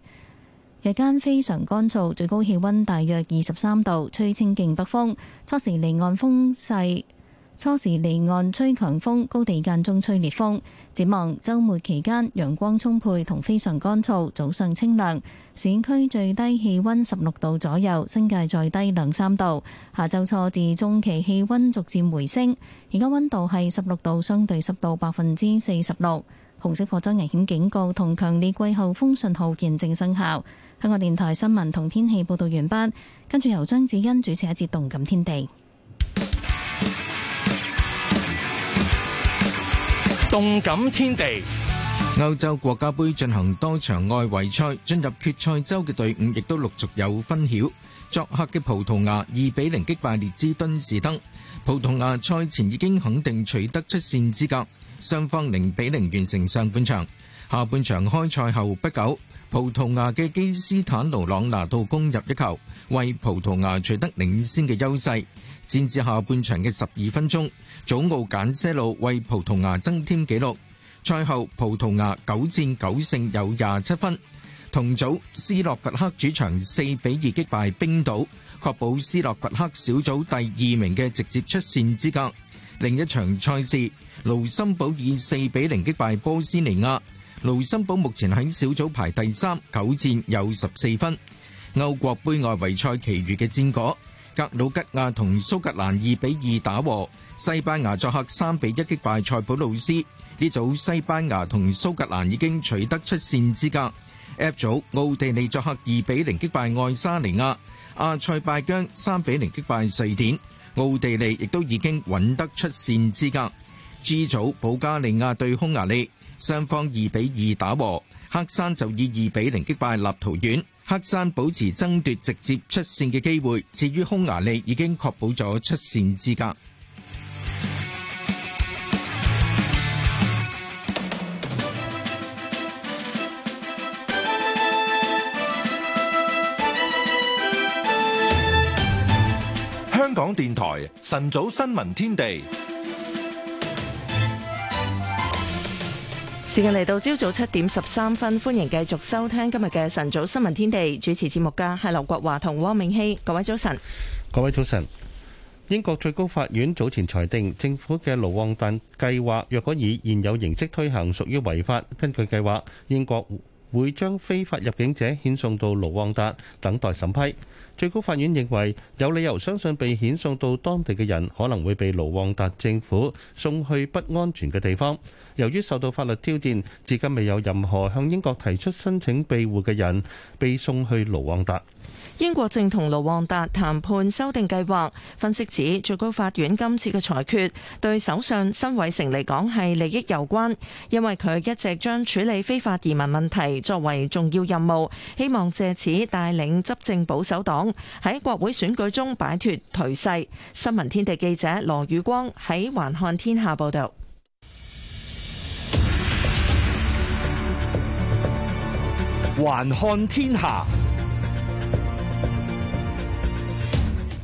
日間非常乾燥，最高氣温大約二十三度，吹清勁北風，初時離岸風勢。初時離岸吹強風，高地間中吹烈風。展望週末期間，陽光充沛同非常乾燥，早上清涼，市區最低氣溫十六度左右，新界再低兩三度。下週初至中期氣溫逐漸回升，而家溫度係十六度，相對濕度百分之四十六。紅色火災危險警告同強烈季候風信號現正生效。香港電台新聞同天氣報道完畢，跟住由張子欣主持一節動感天地。動感天地，歐洲國家盃進行多場外圍賽，進入決賽周嘅隊伍亦都陸續有分曉。作客嘅葡萄牙二比零擊敗列支敦士登，葡萄牙賽前已經肯定取得出線資格。雙方零比零完成上半場，下半場開賽後不久，葡萄牙嘅基斯坦奴朗拿度攻入一球，為葡萄牙取得領先嘅優勢，戰至下半場嘅十二分鐘。祖奧簡西路為葡萄牙增添紀錄，賽後葡萄牙九戰九勝有廿七分。同組斯洛伐克主場四比二擊敗冰島，確保斯洛伐克小組第二名嘅直接出線資格。另一場賽事，盧森堡以四比零擊敗波斯尼亞，盧森堡目前喺小組排第三，九戰有十四分。歐國盃外圍賽其餘嘅戰果。格魯吉亞同蘇格蘭二比二打和，西班牙作客三比一擊敗塞浦路斯。呢組西班牙同蘇格蘭已經取得出線資格。F 組奧地利作客二比零擊敗愛沙尼亞，阿塞拜疆三比零擊敗瑞典，奧地利亦都已經穩得出線資格。G 組保加利亞對匈牙利，雙方二比二打和，黑山就以二比零擊敗立陶宛。黑山保持爭奪直接出線嘅機會，至於匈牙利已經確保咗出線資格。香港電台晨早新聞天地。時間嚟到朝早七點十三分，歡迎繼續收聽今日嘅晨早新聞天地，主持節目嘅係劉國華同汪明熙。各位早晨，各位早晨。英國最高法院早前裁定，政府嘅盧旺達計劃若果以現有形式推行，屬於違法。根據計劃，英國會將非法入境者遣送到盧旺達等待審批。最高法院認為，有理由相信被遣送到當地嘅人可能會被盧旺達政府送去不安全嘅地方。由於受到法律挑戰，至今未有任何向英國提出申請庇護嘅人被送去盧旺達。英國正同盧旺達談判修訂計劃。分析指，最高法院今次嘅裁決對首相辛偉成嚟講係利益有關，因為佢一直將處理非法移民問題作為重要任務，希望借此帶領執政保守黨喺國會選舉中擺脫頹勢。新聞天地記者羅宇光喺環看天下報道。環看天下。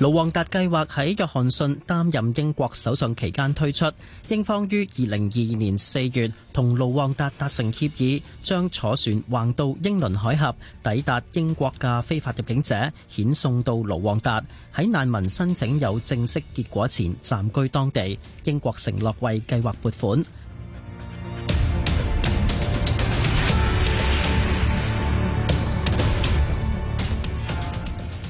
盧旺達計劃喺約翰遜擔任英國首相期間推出，英方於二零二二年四月同盧旺達達成協議，將坐船橫渡英倫海峽抵達英國嘅非法入境者遣送到盧旺達，喺難民申請有正式結果前暫居當地。英國承諾為計劃撥款。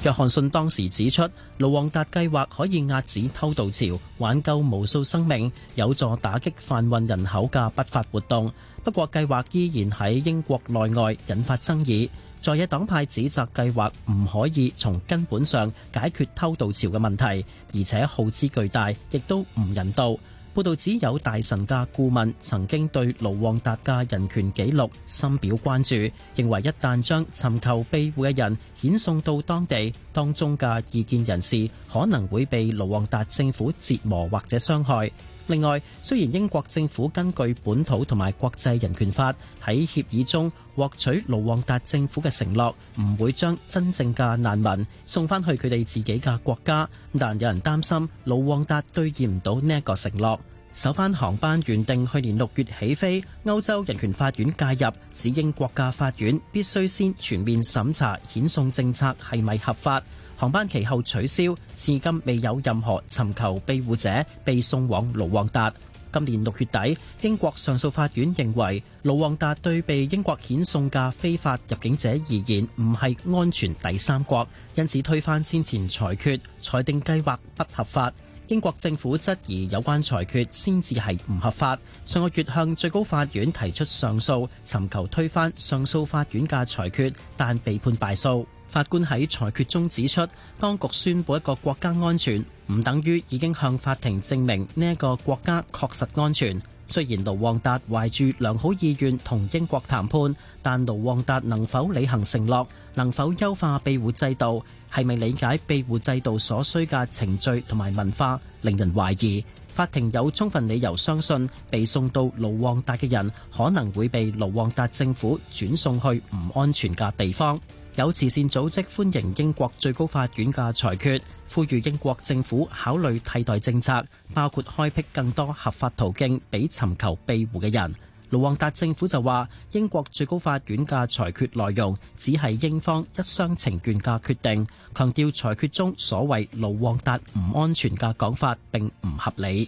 約翰遜當時指出，盧旺達計劃可以遏止偷渡潮，挽救無數生命，有助打擊販運人口嘅不法活動。不過，計劃依然喺英國內外引發爭議，在野黨派指責計劃唔可以從根本上解決偷渡潮嘅問題，而且耗資巨大，亦都唔人道。報道指有大臣嘅顧問曾經對盧旺達嘅人權記錄深表關注，認為一旦將尋求庇護嘅人遣送到當地，當中嘅異見人士可能會被盧旺達政府折磨或者傷害。另外，雖然英國政府根據本土同埋國際人權法喺協議中獲取盧旺達政府嘅承諾，唔會將真正嘅難民送翻去佢哋自己嘅國家，但有人擔心盧旺達兌現唔到呢一個承諾。首班航班原定去年六月起飛，歐洲人權法院介入，指英國嘅法院必須先全面審查遣送政策係咪合法。航班期後取消，至今未有任何尋求庇護者被送往盧旺達。今年六月底，英國上訴法院認為盧旺達對被英國遣送嘅非法入境者而言唔係安全第三國，因此推翻先前裁決，裁定計劃不合法。英國政府質疑有關裁決先至係唔合法，上個月向最高法院提出上訴，尋求推翻上訴法院嘅裁決，但被判敗訴。法官喺裁決中指出，當局宣佈一個國家安全，唔等於已經向法庭證明呢一個國家確實安全。雖然盧旺達懷住良好意願同英國談判，但盧旺達能否履行承諾，能否優化庇護制度，係咪理解庇護制度所需嘅程序同埋文化，令人懷疑。法庭有充分理由相信，被送到盧旺達嘅人可能會被盧旺達政府轉送去唔安全嘅地方。有慈善組織歡迎英國最高法院嘅裁決，呼籲英國政府考慮替代政策，包括開闢更多合法途徑俾尋求庇護嘅人。盧旺達政府就話，英國最高法院嘅裁決內容只係英方一廂情願嘅決定，強調裁決中所謂盧旺達唔安全嘅講法並唔合理。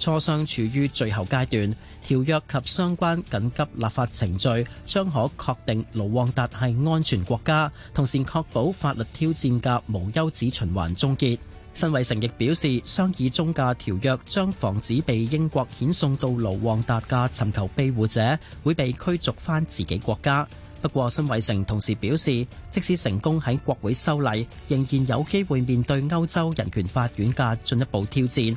磋商處於最後階段，條約及相關緊急立法程序將可確定盧旺達係安全國家，同時確保法律挑戰嘅無休止循環終結。辛偉誠亦表示，商議中嘅條約將防止被英國遣送到盧旺達嘅尋求庇護者會被驅逐返自己國家。不過，辛偉誠同時表示，即使成功喺國會修例，仍然有機會面對歐洲人權法院嘅進一步挑戰。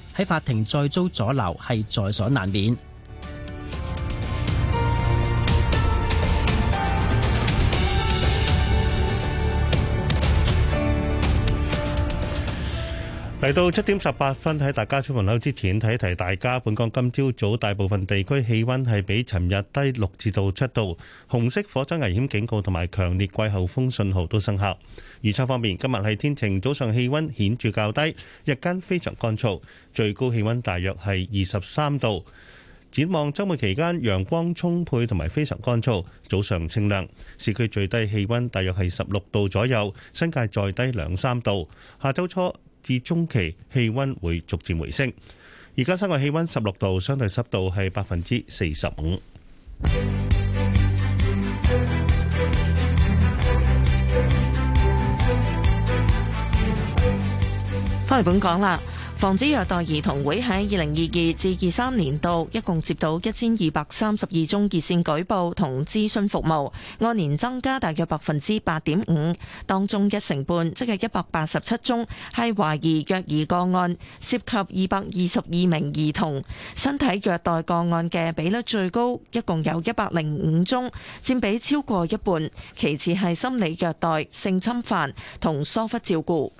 喺法庭再遭阻撓，係在所難免。嚟到七點十八分，喺大家出門口之前，提一提大家。本港今朝早大部分地區氣溫係比尋日低六至到七度，紅色火災危險警告同埋強烈季候風信號都生效。預測方面，今日係天晴，早上氣溫顯著較低，日間非常乾燥，最高氣溫大約係二十三度。展望週末期間，陽光充沛同埋非常乾燥，早上清涼，市區最低氣溫大約係十六度左右，新界再低兩三度。下周初，至中期，氣温會逐漸回升。而家室外氣温十六度，相對濕度係百分之四十五。翻嚟本港啦。防止虐待兒童會喺二零二二至二三年度一共接到一千二百三十二宗熱線舉報同諮詢服務，按年增加大約百分之八點五。當中一成半，即係一百八十七宗，係懷疑虐兒個案，涉及二百二十二名兒童。身體虐待個案嘅比率最高，一共有一百零五宗，佔比超過一半。其次係心理虐待、性侵犯同疏忽照顧。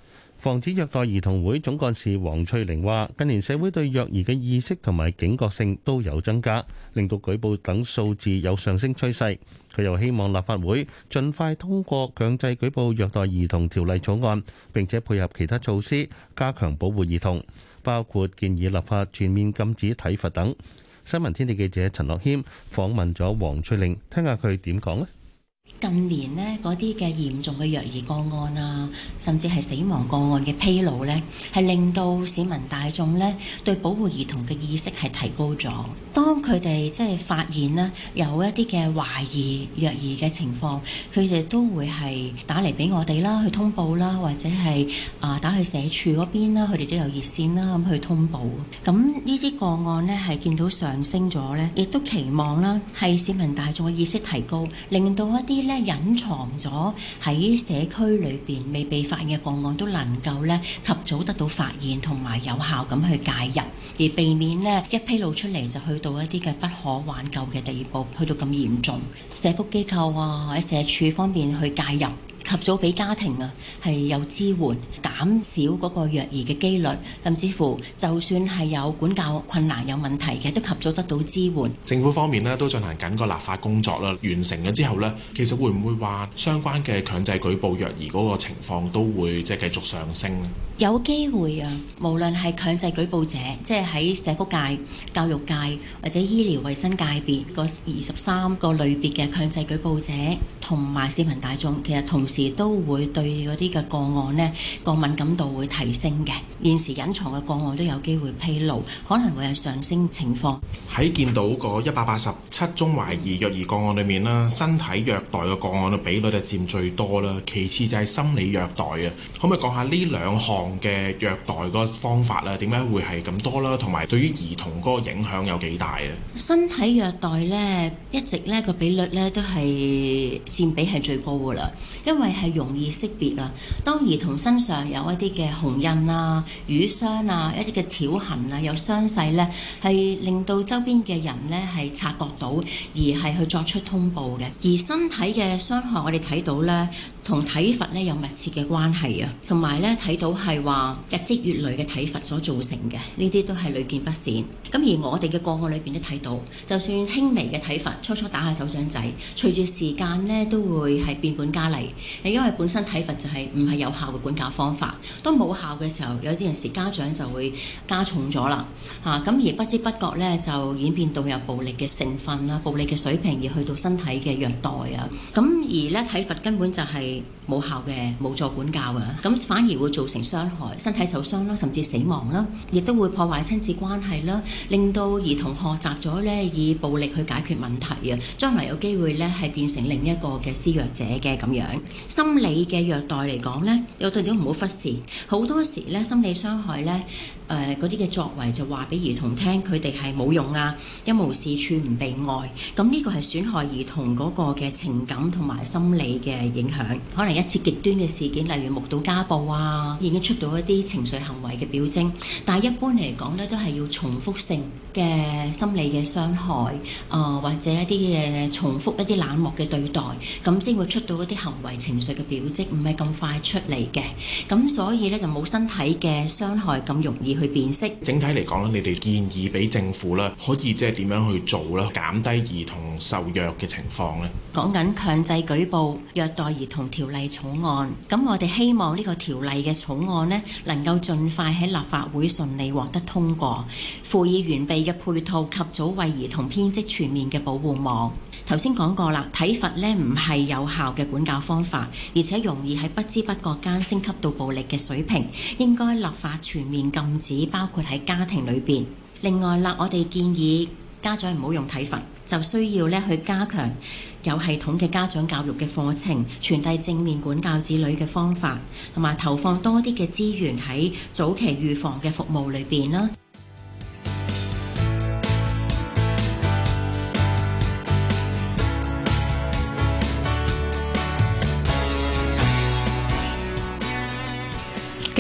防止虐待兒童會總幹事黃翠玲話，近年社會對虐兒嘅意識同埋警覺性都有增加，令到舉報等數字有上升趨勢，佢又希望立法會盡快通過強制舉報虐待兒童條例草案，並且配合其他措施加強保護兒童，包括建議立法全面禁止體罰等。新聞天地記者陳樂謙訪問咗黃翠玲，聽下佢點講咧。近年咧，嗰啲嘅嚴重嘅虐兒個案啊，甚至係死亡個案嘅披露咧，係令到市民大眾咧對保護兒童嘅意識係提高咗。當佢哋即係發現咧有一啲嘅懷疑虐兒嘅情況，佢哋都會係打嚟俾我哋啦，去通報啦，或者係啊打去社署嗰邊啦，佢哋都有熱線啦，咁去通報。咁呢啲個案咧係見到上升咗咧，亦都期望啦係市民大眾嘅意識提高，令到一啲咧。咧隱藏咗喺社區裏邊未被發現嘅個案，都能夠咧及早得到發現，同埋有效咁去介入，而避免咧一披露出嚟就去到一啲嘅不可挽救嘅地步，去到咁嚴重。社福機構啊，喺社署方面去介入。及早俾家庭啊，係有支援，減少嗰個虐兒嘅機率，甚至乎就算係有管教困難、有問題嘅，都及早得到支援。政府方面呢，都進行緊個立法工作啦，完成咗之後呢，其實會唔會話相關嘅強制舉報虐兒嗰個情況都會即係繼續上升咧？有機會啊！無論係強制舉報者，即係喺社福界、教育界或者醫療衞生界別嗰二十三個類別嘅強制舉報者，同埋市民大眾，其實同時都會對嗰啲嘅個案咧個敏感度會提升嘅，現時隱藏嘅個案都有機會披露，可能會有上升情況。喺見到嗰一百八十七宗懷疑虐兒個案裏面啦，身體虐待嘅個案嘅比率就佔最多啦，其次就係心理虐待啊。可唔可以講下呢兩項嘅虐待嗰個方法咧，點解會係咁多啦？同埋對於兒童嗰個影響有幾大啊？身體虐待咧一直咧個比率咧都係佔比係最高噶啦，因為因為係容易識別啊。當兒童身上有一啲嘅紅印啊、瘀傷啊、一啲嘅條痕啊、有傷勢咧，係令到周邊嘅人咧係察覺到，而係去作出通報嘅。而身體嘅傷害我，我哋睇到咧。同體罰咧有密切嘅關係啊，同埋咧睇到係話日積月累嘅體罰所造成嘅，呢啲都係屢見不鮮。咁而我哋嘅個案裏邊都睇到，就算輕微嘅體罰，初初打下手掌仔，隨住時間咧都會係變本加厲。因為本身體罰就係唔係有效嘅管教方法，都冇效嘅時候，有啲人時家長就會加重咗啦。嚇、啊、咁而不知不覺咧就演變到有暴力嘅成分啦，暴力嘅水平而去到身體嘅虐待啊。咁而咧體罰根本就係、是，冇效嘅，冇助管教啊，咁反而會造成傷害，身體受傷啦、啊，甚至死亡啦、啊，亦都會破壞親子關係啦、啊，令到兒童學習咗咧以暴力去解決問題啊，將來有機會咧係變成另一個嘅施虐者嘅咁樣。心理嘅虐待嚟講咧，有陣時都唔好忽視，好多時咧心理傷害咧。誒嗰啲嘅作為就話俾兒童聽，佢哋係冇用啊，一無是處，唔被愛。咁呢個係損害兒童嗰個嘅情感同埋心理嘅影響。可能一次極端嘅事件，例如目睹家暴啊，已經出到一啲情緒行為嘅表徵。但係一般嚟講呢，都係要重複性嘅心理嘅傷害，啊、呃、或者一啲嘅、呃、重複一啲冷漠嘅對待，咁先會出到一啲行為情緒嘅表徵，唔係咁快出嚟嘅。咁所以呢，就冇身體嘅傷害咁容易去辨識。整體嚟講咧，你哋建議俾政府咧，可以即係點樣去做咧，減低兒童受虐嘅情況咧。講緊強制舉報虐待兒童條例草案，咁我哋希望呢個條例嘅草案咧，能夠盡快喺立法會順利獲得通過，輔以完備嘅配套及早為兒童編織全面嘅保護網。頭先講過啦，體罰咧唔係有效嘅管教方法，而且容易喺不知不覺間升級到暴力嘅水平，應該立法全面禁止，包括喺家庭裏邊。另外啦，我哋建議家長唔好用體罰，就需要咧去加強有系統嘅家長教育嘅課程，傳遞正面管教子女嘅方法，同埋投放多啲嘅資源喺早期預防嘅服務裏邊啦。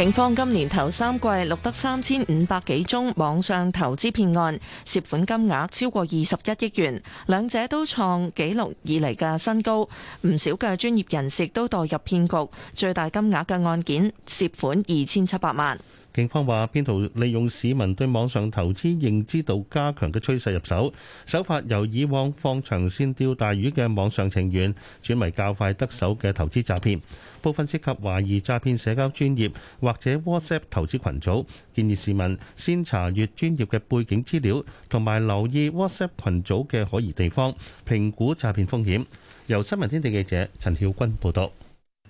警方今年頭三季錄得三千五百幾宗網上投資騙案，涉款金額超過二十一億元，兩者都創紀錄以嚟嘅新高。唔少嘅專業人士都墮入騙局，最大金額嘅案件涉款二千七百萬。警方話：騙徒利用市民對網上投資認知度加強嘅趨勢入手，手法由以往放長線釣大魚嘅網上情緣，轉為較快得手嘅投資詐騙。部分涉及懷疑詐騙社交專頁或者 WhatsApp 投資群組，建議市民先查閲專頁嘅背景資料，同埋留意 WhatsApp 群組嘅可疑地方，評估詐騙風險。由新聞天地記者陳曉君報道。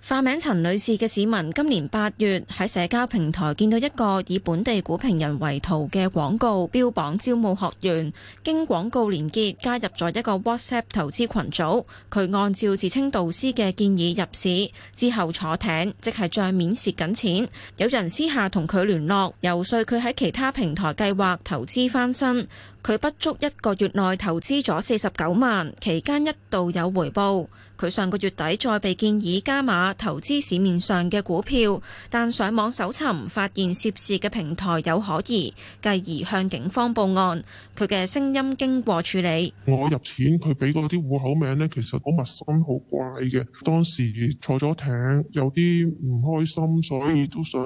化名陳女士嘅市民今年八月喺社交平台見到一個以本地股評人為圖嘅廣告，標榜招募學員，經廣告連結加入咗一個 WhatsApp 投資群組，佢按照自稱導師嘅建議入市，之後坐艇即係賬面蝕緊錢，有人私下同佢聯絡遊說佢喺其他平台計劃投資翻身。佢不足一個月內投資咗四十九萬，期間一度有回報。佢上個月底再被建議加碼投資市面上嘅股票，但上網搜尋發現涉事嘅平台有可疑，繼而向警方報案。佢嘅聲音經過處理，我入錢佢俾嗰啲戶口名咧，其實好陌生、好怪嘅。當時坐咗艇，有啲唔開心，所以都想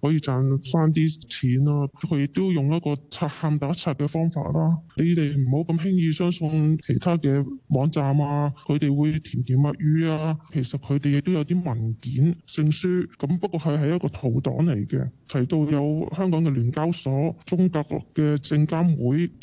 可以賺翻啲錢啊。佢亦都用一個賊喊捉賊嘅方法啦。你哋唔好咁輕易相信其他嘅網站啊，佢哋會甜言蜜語啊。其實佢哋亦都有啲文件、證書，咁不過佢係一個圖檔嚟嘅，提到有香港嘅聯交所、中國嘅證監會。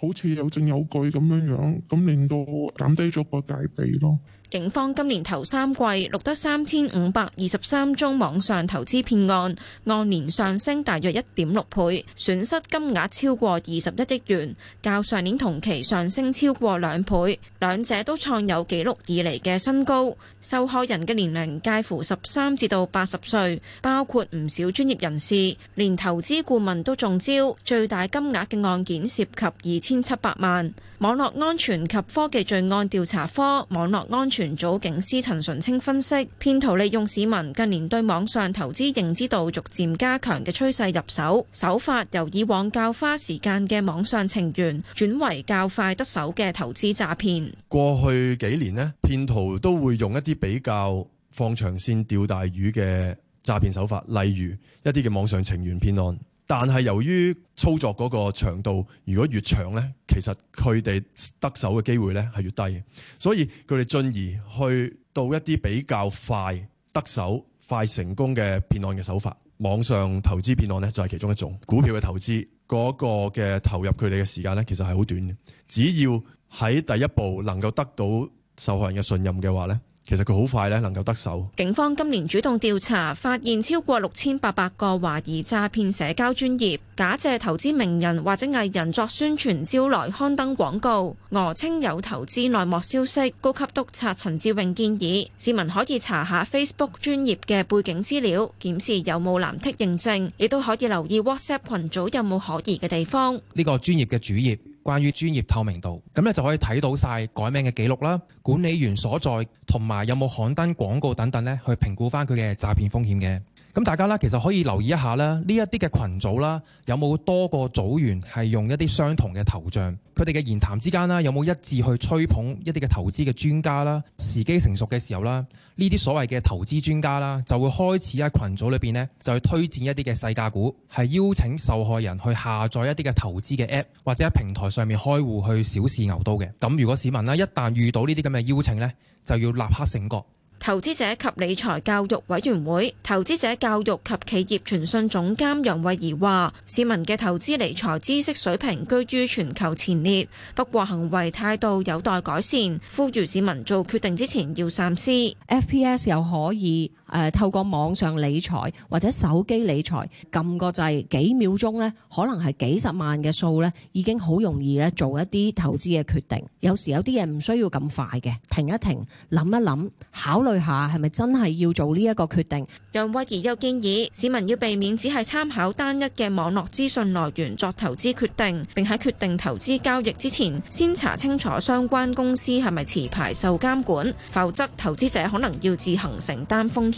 好似有證有據咁樣樣，咁令到減低咗個戒備咯。警方今年頭三季錄得三千五百二十三宗網上投資騙案，按年上升大約一點六倍，損失金額超過二十一億元，較上年同期上升超過兩倍，兩者都創有紀錄以嚟嘅新高。受害人嘅年齡介乎十三至到八十歲，包括唔少專業人士，連投資顧問都中招。最大金額嘅案件涉及二千七百萬，網絡安全及科技罪案調查科網絡安全組警司陳純清分析，騙徒利用市民近年對網上投資認知度逐漸加強嘅趨勢入手，手法由以往較花時間嘅網上情緣轉為較快得手嘅投資詐騙。過去幾年呢，騙徒都會用一啲比較放長線釣大魚嘅詐騙手法，例如一啲嘅網上情緣騙案。但係由於操作嗰個長度，如果越長呢，其實佢哋得手嘅機會呢係越低，所以佢哋進而去到一啲比較快得手、快成功嘅騙案嘅手法。網上投資騙案呢，就係其中一種股票嘅投資嗰個嘅投入佢哋嘅時間呢，其實係好短嘅。只要喺第一步能夠得到受害人嘅信任嘅話呢。其實佢好快咧，能夠得手。警方今年主動調查，發現超過六千八百個懷疑詐騙社交專業，假借投資名人或者藝人作宣傳招徠刊登廣告，訛稱有投資內幕消息。高級督察陳志穎建議市民可以查下 Facebook 專業嘅背景資料，檢視有冇藍剔認證，亦都可以留意 WhatsApp 群組有冇可疑嘅地方。呢個專業嘅主頁。關於專業透明度，咁咧就可以睇到晒改名嘅記錄啦、管理員所在同埋有冇刊登廣告等等呢，去評估翻佢嘅詐騙風險嘅。咁大家咧，其實可以留意一下啦。呢一啲嘅群組啦，有冇多個組員係用一啲相同嘅頭像？佢哋嘅言談之間啦，有冇一致去吹捧,捧一啲嘅投資嘅專家啦？時機成熟嘅時候啦，呢啲所謂嘅投資專家啦，就會開始喺群組裏邊呢，就去推薦一啲嘅細價股，係邀請受害人去下載一啲嘅投資嘅 app 或者喺平台上面開戶去小試牛刀嘅。咁如果市民呢，一旦遇到呢啲咁嘅邀請呢，就要立刻醒覺。投資者及理財教育委員會投資者教育及企業傳訊總監楊慧儀話：市民嘅投資理財知識水平居於全球前列，不過行為態度有待改善，呼籲市民做決定之前要三思。F P S 又可以。誒透過網上理財或者手機理財，撳個掣幾秒鐘咧，可能係幾十萬嘅數咧，已經好容易咧做一啲投資嘅決定。有時有啲嘢唔需要咁快嘅，停一停，諗一諗，考慮下係咪真係要做呢一個決定。楊威儀又建議市民要避免只係參考單一嘅網絡資訊來源作投資決定，並喺決定投資交易之前先查清楚相關公司係咪持牌受監管，否則投資者可能要自行承擔風險。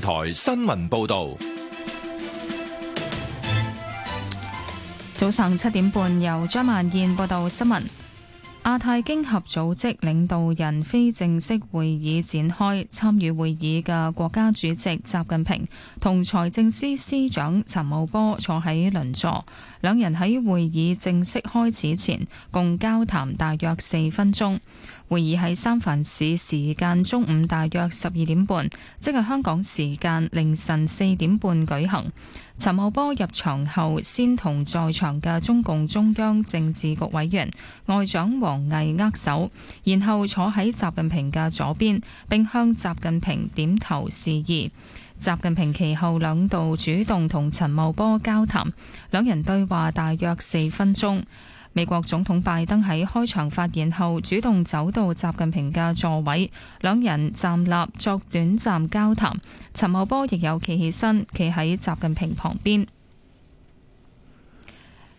台新聞報道，早上七點半由張曼燕報道新聞。亞太經合組織領導人非正式會議展開，參與會議嘅國家主席習近平同財政司司長陳茂波坐喺鄰座，兩人喺會議正式開始前共交談大約四分鐘。會議喺三藩市時間中午大約十二點半，即係香港時間凌晨四點半舉行。陳茂波入場後，先同在場嘅中共中央政治局委員、外長王毅握手，然後坐喺習近平嘅左邊，並向習近平點頭示意。習近平其後兩度主動同陳茂波交談，兩人對話大約四分鐘。美國總統拜登喺開場發言後，主動走到習近平嘅座位，兩人站立作短暫交談。陳茂波亦有企起身，企喺習近平旁邊。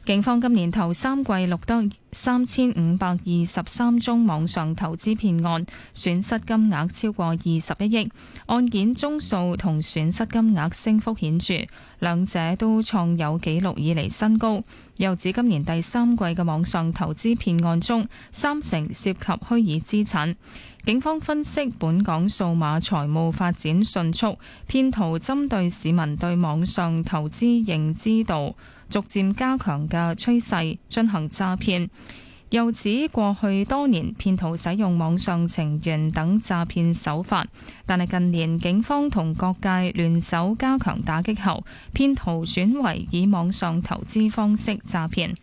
警方今年頭三季錄得三千五百二十三宗網上投資騙案，損失金額超過二十一億，案件宗數同損失金額升幅顯著，兩者都創有紀錄以嚟新高。又指今年第三季嘅網上投資騙案中，三成涉及虛擬資產。警方分析，本港數碼財務發展迅速，騙徒針對市民對網上投資認知度逐漸加強嘅趨勢進行詐騙，又指過去多年騙徒使用網上情緣等詐騙手法，但係近年警方同各界聯手加強打擊後，騙徒轉為以網上投資方式詐騙。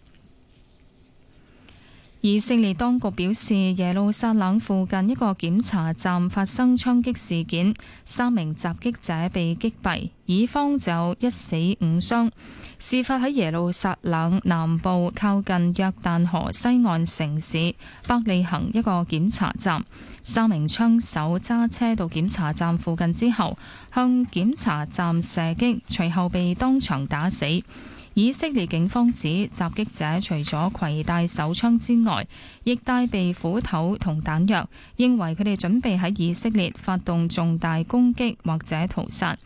以色列當局表示，耶路撒冷附近一個檢查站發生槍擊事件，三名襲擊者被擊斃，以方就一死五傷。事發喺耶路撒冷南部靠近約旦河西岸城市伯利恆一個檢查站，三名槍手揸車到檢查站附近之後，向檢查站射擊，隨後被當場打死。以色列警方指，襲擊者除咗攜帶手槍之外，亦帶備斧頭同彈藥，認為佢哋準備喺以色列發動重大攻擊或者屠殺。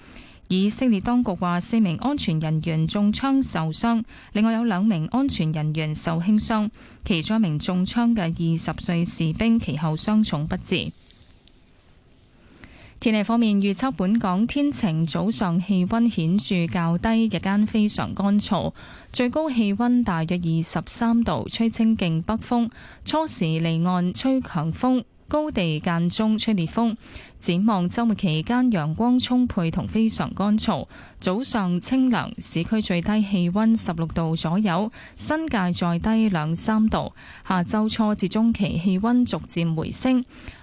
以色列當局話，四名安全人員中槍受傷，另外有兩名安全人員受輕傷，其中一名中槍嘅二十歲士兵其後傷重不治。天氣方面，預測本港天晴，早上氣溫顯著較低，日間非常乾燥，最高氣溫大約二十三度，吹清勁北風，初時離岸吹強風，高地間中吹烈風。展望週末期間，陽光充沛同非常乾燥，早上清涼，市區最低氣溫十六度左右，新界再低兩三度。下週初至中期氣溫逐漸回升。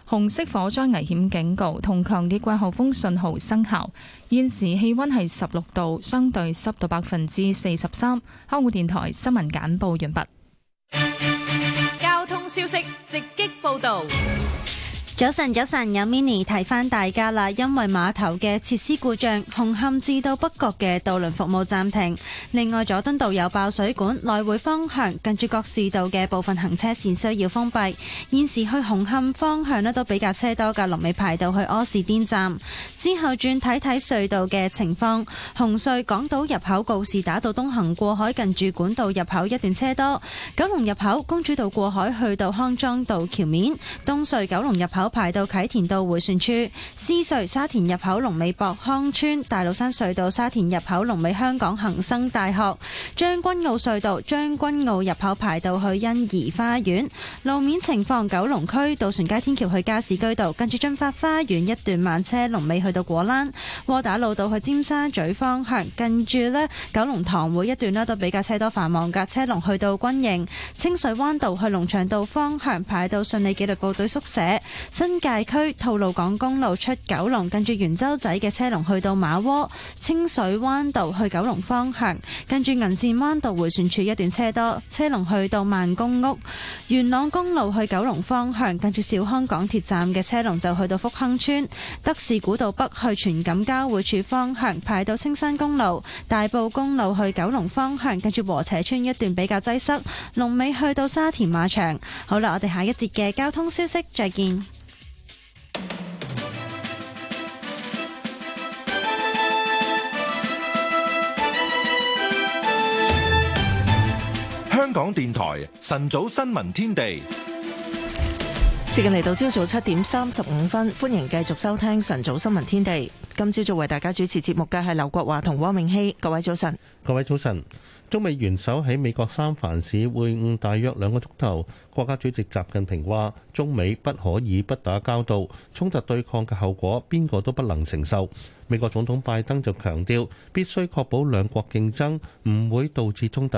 紅色火災危險警告同強烈季候風信號生效。現時氣温係十六度，相對濕度百分之四十三。香港電台新聞簡報完畢。交通消息直擊報道。早晨，早晨，有 mini 提翻大家啦。因為碼頭嘅設施故障，紅磡至到北角嘅渡輪服務暫停。另外，佐敦道有爆水管，來回方向近住各市道嘅部分行車線需要封閉，現時去紅磡方向咧都比較車多嘅，龍尾排到去柯士甸站之後轉睇睇隧道嘅情況，紅隧港島入口告士打道東行過海，近住管道入口一段車多。九龍入口公主道過海去到康莊道橋面，東隧九龍入口。排到啟田道回旋處，獅隧沙田入口龍尾博康村大老山隧道沙田入口龍尾香港恒生大學，將軍澳隧道將軍澳入口排到去欣怡花園，路面情況，九龍區渡船街天橋去加士居道，跟住駿發花園一段慢車龍尾去到果欄，窩打老道去尖沙咀方向，跟住呢，九龍塘每一段咧都比較車多繁忙，架車龍去到軍營，清水灣道去龍翔道方向排到順利紀律部隊宿舍。新界區吐露港公路出九龍，跟住元洲仔嘅車龍去到馬窩，清水灣道去九龍方向，跟住銀線灣道回旋處一段車多，車龍去到萬公屋，元朗公路去九龍方向，跟住兆康港鐵站嘅車龍就去到福亨村，德士古道北去荃錦交匯處方向排到青山公路，大埔公路去九龍方向，跟住禾輋邨一段比較擠塞，龍尾去到沙田馬場。好啦，我哋下一節嘅交通消息再見。香港電台晨早新聞天地，時間嚟到朝早七點三十五分，歡迎繼續收聽晨早新聞天地。今朝作為大家主持節目嘅係劉國華同汪明熙，各位早晨，各位早晨。中美元首喺美國三藩市會晤大約兩個鐘頭，國家主席習近平話：中美不可以不打交道，衝突對抗嘅後果邊個都不能承受。美國總統拜登就強調，必須確保兩國競爭唔會導致衝突。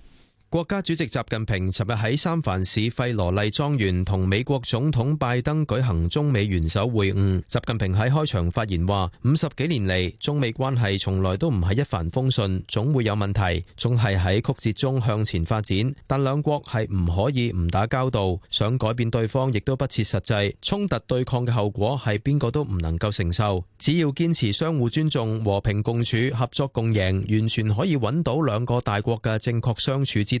國家主席習近平尋日喺三藩市費羅麗莊園同美國總統拜登舉行中美元首會晤。習近平喺開場發言話：五十幾年嚟，中美關係從來都唔係一帆風順，總會有問題，總係喺曲折中向前發展。但兩國係唔可以唔打交道，想改變對方亦都不切實際。衝突對抗嘅後果係邊個都唔能夠承受。只要堅持相互尊重、和平共處、合作共贏，完全可以揾到兩個大國嘅正確相處之。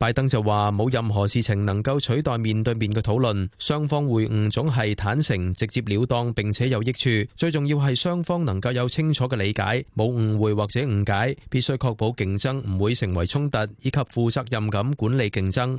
拜登就話冇任何事情能夠取代面對面嘅討論，雙方會晤總係坦誠、直接了當，並且有益處。最重要係雙方能夠有清楚嘅理解，冇誤會或者誤解。必須確保競爭唔會成為衝突，以及負責任咁管理競爭。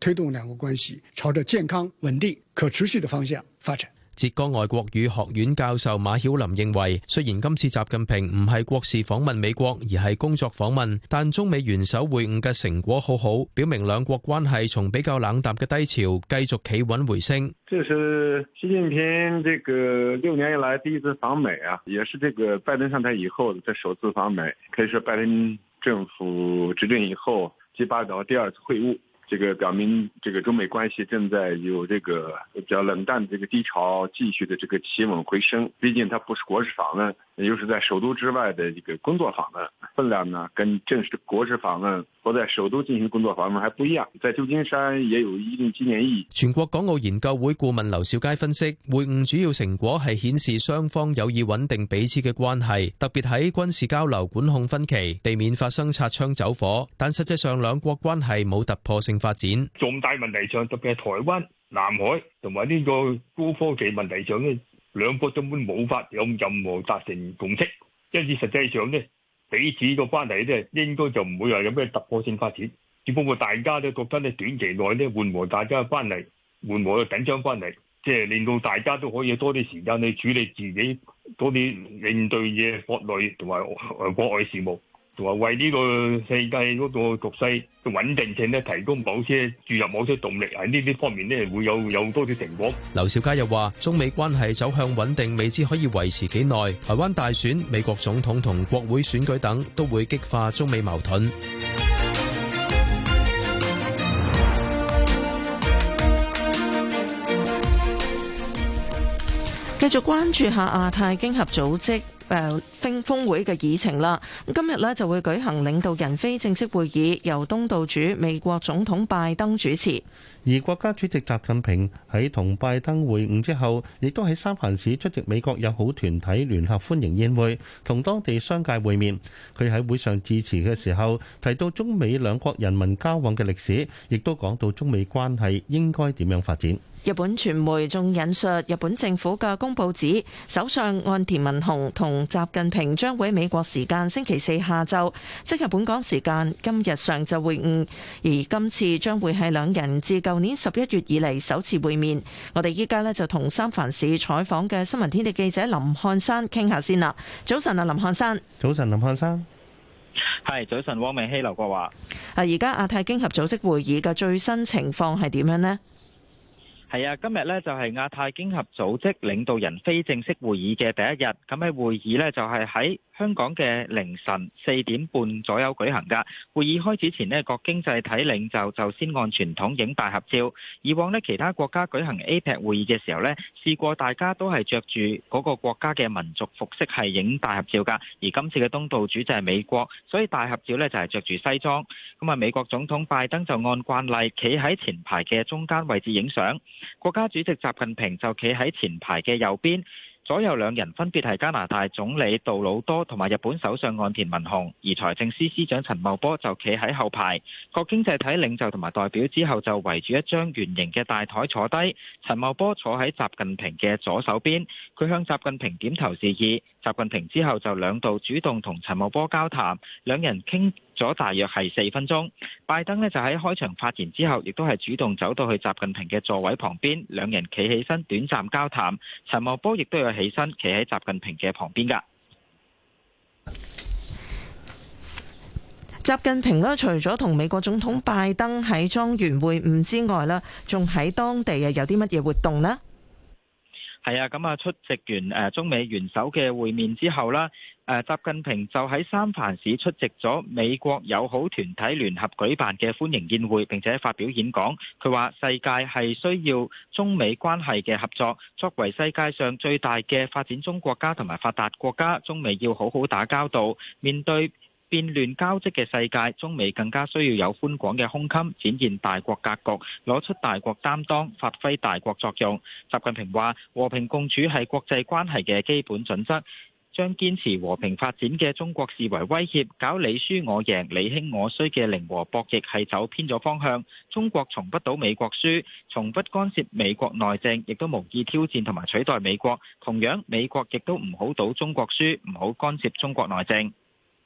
推動兩國關係朝着健康、穩定、可持續的方向發展。浙江外國語學院教授馬曉琳認為，雖然今次習近平唔係國事訪問美國，而係工作訪問，但中美元首會晤嘅成果好好，表明兩國關係從比較冷淡嘅低潮繼續企穩回升。這是習近平這個六年以來第一次訪美啊，也是這個拜登上台以後嘅首次訪美，可以說拜登政府執政以後繼峇里島第二次會晤。這個表明，這個中美關係正在有這個比較冷淡的這個低潮，繼續的這個企穩回升。畢竟它不是國事訪問。也就是在首都之外的這個工作訪問分量呢，跟正式國事訪問或在首都進行工作訪問還不一樣。在舊金山也有一定紀念意義。全國港澳研究會顧問劉少佳分析，會晤主要成果係顯示雙方有意穩定彼此嘅關係，特別喺軍事交流管控分歧，避免發生擦槍走火。但實際上兩國關係冇突破性發展。重大問題上，特別係台灣、南海同埋呢個高科技問題上咧，兩國根本冇法有任何達成共識，因此實際上咧，彼此個關係咧應該就唔會話有咩突破性發展，只不過大家都覺得咧短期內咧緩和大家關係，緩和緊張關係，即係令到大家都可以多啲時間去處理自己多啲應對嘅國內同埋國外事務。就係為呢個世界嗰個局勢嘅穩定性咧，提供某些注入某些動力，喺呢啲方面咧，會有有多啲成果。劉兆佳又話：中美關係走向穩定未知可以維持幾耐？台灣大選、美國總統同國會選舉等都會激化中美矛盾。繼續關注下亞太經合組織誒峰、呃、峰會嘅議程啦。今日呢，就會舉行領導人非正式會議，由東道主美國總統拜登主持。而國家主席習近平喺同拜登會晤之後，亦都喺三藩市出席美國友好團體聯合歡迎宴會，同當地商界會面。佢喺會上致辭嘅時候，提到中美兩國人民交往嘅歷史，亦都講到中美關係應該點樣發展。日本傳媒仲引述日本政府嘅公報指，首相岸田文雄同習近平將會喺美國時間星期四下晝，即係本港時間今日上晝會晤，而今次將會係兩人自舊年十一月以嚟首次會面。我哋依家呢，就同三藩市採訪嘅新聞天地記者林漢山傾下先啦。早晨啊，林漢山。早晨，林漢山。係早晨，汪明希。劉國華。啊，而家亞太經合組織會議嘅最新情況係點樣呢？係啊，今日咧就係、是、亞太經合組織領導人非正式會議嘅第一日，咁喺會議咧就係、是、喺香港嘅凌晨四點半左右舉行㗎。會議開始前呢，各經濟體領袖就先按傳統影大合照。以往呢，其他國家舉行 APEC 會議嘅時候呢，試過大家都係着住嗰個國家嘅民族服飾係影大合照㗎。而今次嘅東道主就係美國，所以大合照呢就係着住西裝。咁啊，美國總統拜登就按慣例企喺前排嘅中間位置影相，國家主席習近平就企喺前排嘅右邊。左右兩人分別係加拿大總理杜魯多同埋日本首相岸田文雄，而財政司司長陳茂波就企喺後排。各經濟體領袖同埋代表之後就圍住一張圓形嘅大枱坐低。陳茂波坐喺習近平嘅左手邊，佢向習近平點頭示意。習近平之後就兩度主動同陳茂波交談，兩人傾咗大約係四分鐘，拜登呢就喺開場發言之後，亦都係主動走到去習近平嘅座位旁邊，兩人企起身短暫交談。陳茂波亦都有起身企喺習近平嘅旁邊噶。習近平呢，除咗同美國總統拜登喺莊園會晤之外呢，仲喺當地啊有啲乜嘢活動呢？係啊，咁啊出席完誒中美元首嘅會面之後啦，誒習近平就喺三藩市出席咗美國友好團體聯合舉辦嘅歡迎宴會，並且發表演講。佢話世界係需要中美關係嘅合作，作為世界上最大嘅發展中國家同埋發達國家，中美要好好打交道，面對變亂交織嘅世界，中美更加需要有寬廣嘅胸襟，展現大國格局，攞出大國擔當，發揮大國作用。習近平話：和平共處係國際關係嘅基本準則，將堅持和平發展嘅中國視為威脅，搞你輸我贏、你興我衰嘅零和博弈係走偏咗方向。中國從不賭美國輸，從不干涉美國內政，亦都無意挑戰同埋取代美國。同樣，美國亦都唔好賭中國輸，唔好干涉中國內政。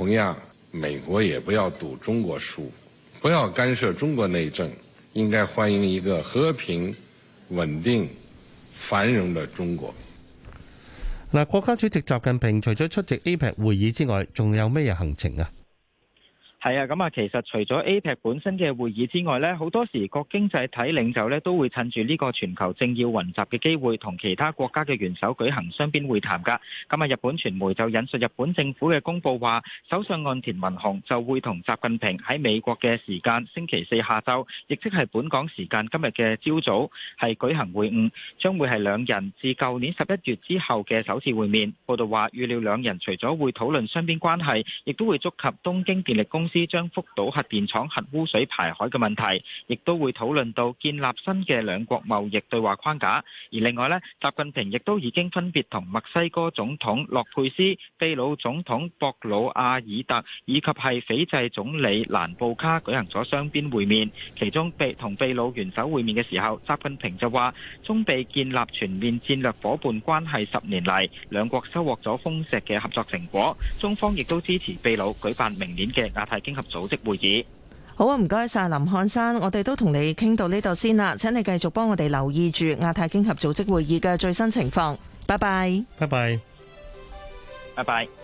同樣，美國也不要賭中國輸，不要干涉中國內政，應該歡迎一個和平、穩定、繁榮的中國。嗱，國家主席習近平除咗出席 APEC 會議之外，仲有咩嘢行程啊？係啊，咁啊，其實除咗 APEC 本身嘅會議之外呢，好多時各經濟體領袖呢都會趁住呢個全球政要雲集嘅機會，同其他國家嘅元首舉行雙邊會談噶。咁啊，日本傳媒就引述日本政府嘅公佈話，首相岸田文雄就會同習近平喺美國嘅時間星期四下晝，亦即係本港時間今日嘅朝早，係舉行會晤，將會係兩人至舊年十一月之後嘅首次會面。報道話預料兩人除咗會討論雙邊關係，亦都會觸及東京電力公司。斯將福島核電廠核污水排海嘅問題，亦都會討論到建立新嘅兩國貿易對話框架。而另外咧，習近平亦都已經分別同墨西哥總統洛佩斯、秘魯總統博魯阿爾特以及係斐濟總理蘭布卡舉行咗雙邊會面。其中被同秘魯元首會面嘅時候，習近平就話：中秘建立全面戰略夥伴關係十年嚟，兩國收穫咗豐碩嘅合作成果。中方亦都支持秘魯舉辦明年嘅亞太。經合組織會議，好啊，唔該晒林漢山，我哋都同你傾到呢度先啦，請你繼續幫我哋留意住亞太經合組織會議嘅最新情況，拜拜，拜拜，拜拜。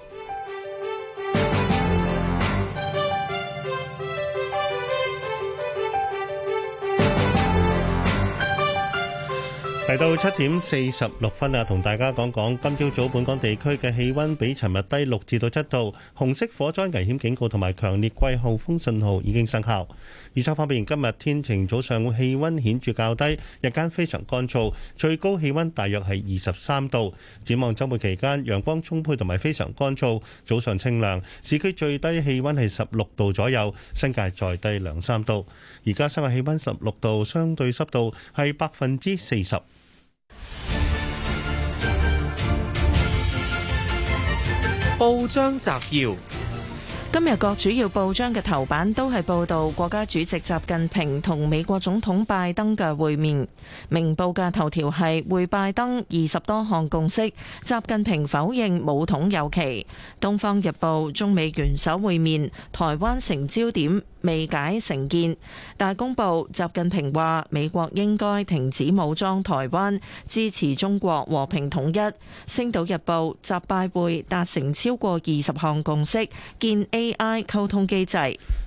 嚟到七點四十六分啊，同大家講講今朝早本港地區嘅氣溫比尋日低六至到七度，紅色火災危險警告同埋強烈季候風信號已經生效。預測方面，今日天晴，早上氣溫顯著較低，日間非常乾燥，最高氣溫大約係二十三度。展望週末期間，陽光充沛同埋非常乾燥，早上清涼，市區最低氣溫係十六度左右，新界再低兩三度。而家室外氣溫十六度，相對濕度係百分之四十。報章摘要：今日各主要報章嘅頭版都係報道國家主席習近平同美國總統拜登嘅會面。明報嘅頭條係會拜登二十多項共識，習近平否認武統有期。東方日報，中美元首會面，台灣成焦點。未解成見，大公報習近平話：美國應該停止武裝台灣，支持中國和平統一。星島日報習拜會達成超過二十項共識，建 AI 溝通機制。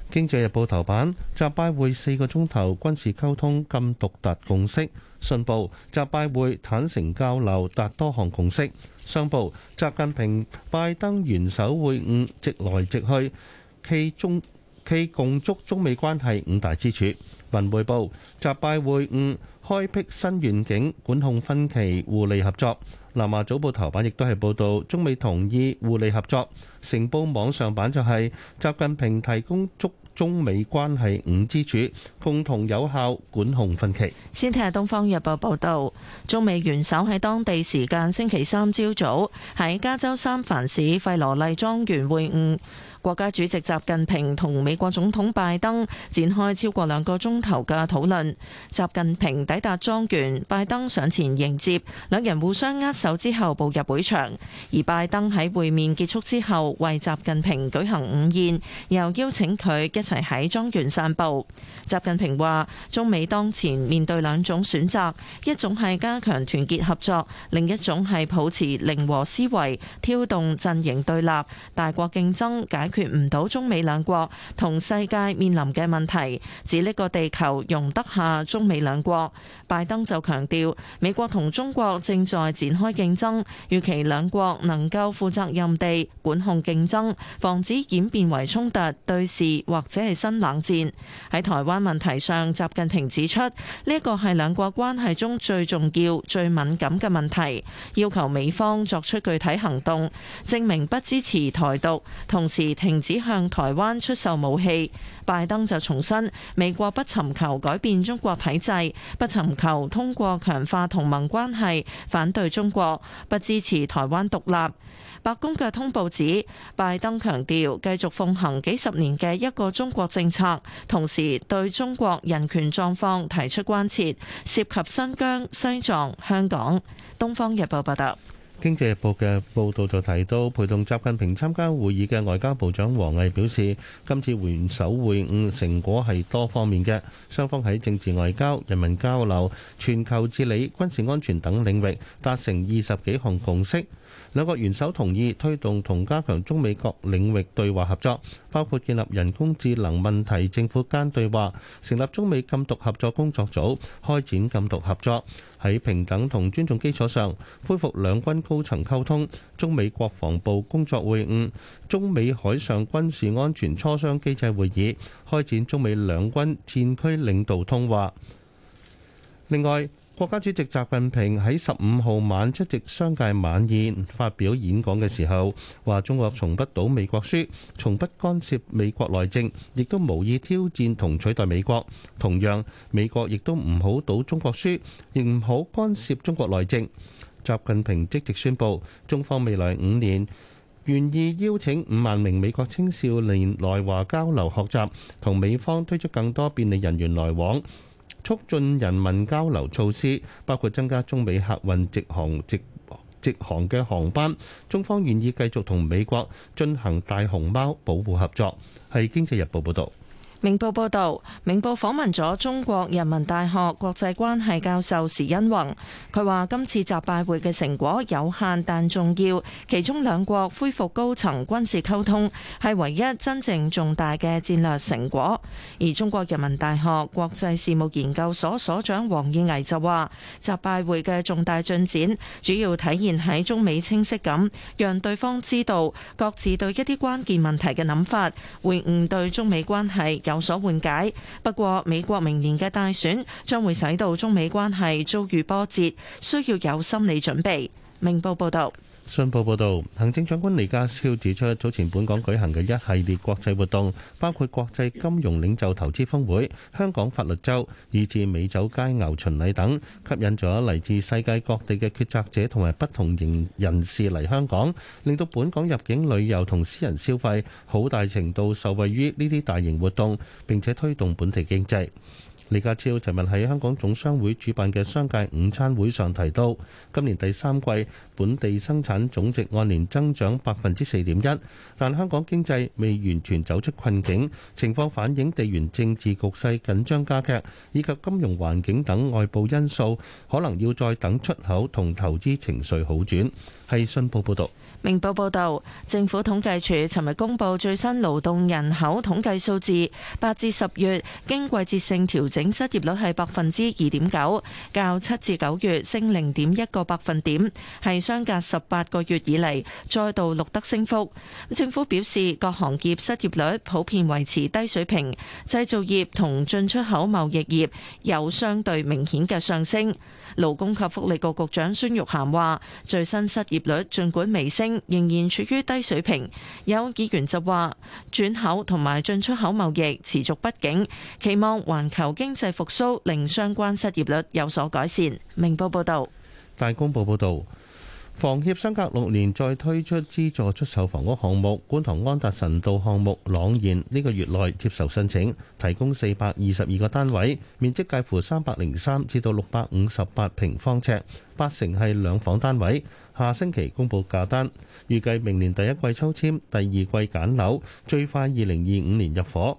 經濟日報頭版：習拜會四個鐘頭，軍事溝通禁獨達共識。信報：習拜會坦誠交流達多項共識。商報：習近平拜登元首會晤直來直去，企中。其共築中美關係五大支柱。文匯報習拜會晤，開闢新前景，管控分歧，互利合作。南華早報頭版亦都係報道中美同意互利合作。成報網上版就係、是、習近平提供捉中美關係五支柱，共同有效管控分歧。先聽下東方日報報道，中美元首喺當地時間星期三朝早喺加州三藩市費羅麗莊園會晤。國家主席習近平同美國總統拜登展開超過兩個鐘頭嘅討論。習近平抵達莊園，拜登上前迎接，兩人互相握手之後步入會場。而拜登喺會面結束之後，為習近平舉行午宴，又邀請佢一齊喺莊園散步。習近平話：中美當前面對兩種選擇，一種係加強團結合作，另一種係抱持零和思維，挑動陣營對立、大國競爭解。解決唔到中美兩國同世界面臨嘅問題，指呢個地球容得下中美兩國。拜登就強調，美國同中國正在展開競爭，預期兩國能夠負責任地管控競爭，防止演變為衝突、對峙或者係新冷戰。喺台灣問題上，習近平指出呢一個係兩國關係中最重要、最敏感嘅問題，要求美方作出具體行動，證明不支持台獨，同時。停止向台灣出售武器，拜登就重申美國不尋求改變中國體制，不尋求通過強化同盟關係反對中國，不支持台灣獨立。白宮嘅通報指，拜登強調繼續奉行幾十年嘅一個中國政策，同時對中國人權狀況提出關切，涉及新疆、西藏、香港。《東方日報》報道。《經濟日報》嘅報導就提到，陪同習近平參加會議嘅外交部長王毅表示，今次元首會晤成果係多方面嘅，雙方喺政治外交、人民交流、全球治理、軍事安全等領域達成二十幾項共識。兩國元首同意推動同加強中美各領域對話合作，包括建立人工智能問題政府間對話、成立中美禁毒合作工作組、開展禁毒合作，喺平等同尊重基礎上恢復兩軍高層溝通、中美國防部工作會晤、中美海上軍事安全磋商機制會議、開展中美兩軍戰區領導通話。另外，國家主席習近平喺十五號晚出席商界晚宴發表演講嘅時候，話中國從不賭美國輸，從不干涉美國內政，亦都無意挑戰同取代美國。同樣，美國亦都唔好賭中國輸，亦唔好干涉中國內政。習近平即席宣布，中方未來五年願意邀請五萬名美國青少年來華交流學習，同美方推出更多便利人員來往。促進人民交流措施，包括增加中美客運直航、直直航嘅航班。中方願意繼續同美國進行大熊貓保護合作。係經濟日報報道。明報報道，明報訪問咗中國人民大學國際關係教授時殷弘。佢話今次習拜會嘅成果有限但重要，其中兩國恢復高層軍事溝通係唯一真正重大嘅戰略成果。而中國人民大學國際事務研究所所長王義桅就話，習拜會嘅重大進展主要體現喺中美清晰噉，讓對方知道各自對一啲關鍵問題嘅諗法，會誤對中美關係。有所緩解，不過美國明年嘅大選將會使到中美關係遭遇波折，需要有心理準備，明報報道。信報報導，行政長官李家超指出，早前本港舉行嘅一系列國際活動，包括國際金融領袖投資峰會、香港法律週，以至美酒佳餚巡禮等，吸引咗嚟自世界各地嘅決策者同埋不同型人士嚟香港，令到本港入境旅遊同私人消費好大程度受惠於呢啲大型活動，並且推動本地經濟。李家超尋日喺香港總商會主辦嘅商界午餐會上提到，今年第三季本地生產總值按年增長百分之四點一，但香港經濟未完全走出困境，情況反映地緣政治局勢緊張加劇以及金融環境等外部因素，可能要再等出口同投資情緒好轉。係信報報道。明報報導，政府統計處尋日公布最新勞動人口統計數字，八至十月經季節性調整失業率係百分之二點九，較七至九月升零點一個百分點，係相隔十八個月以嚟再度錄得升幅。政府表示，各行業失業率普遍維持低水平，製造業同進出口貿易業有相對明顯嘅上升。勞工及福利局局，局長孫玉菡話：最新失業率儘管微升。仍然處於低水平，有議員就話轉口同埋進出口貿易持續不景，期望環球經濟復甦令相關失業率有所改善。明報報導，大公報報導，房協相隔六年再推出資助出售房屋項目，觀塘安達臣道項目朗然呢、這個月內接受申請，提供四百二十二個單位，面積介乎三百零三至到六百五十八平方尺，八成係兩房單位。下星期公布價單，預計明年第一季抽籤，第二季揀樓，最快二零二五年入伙。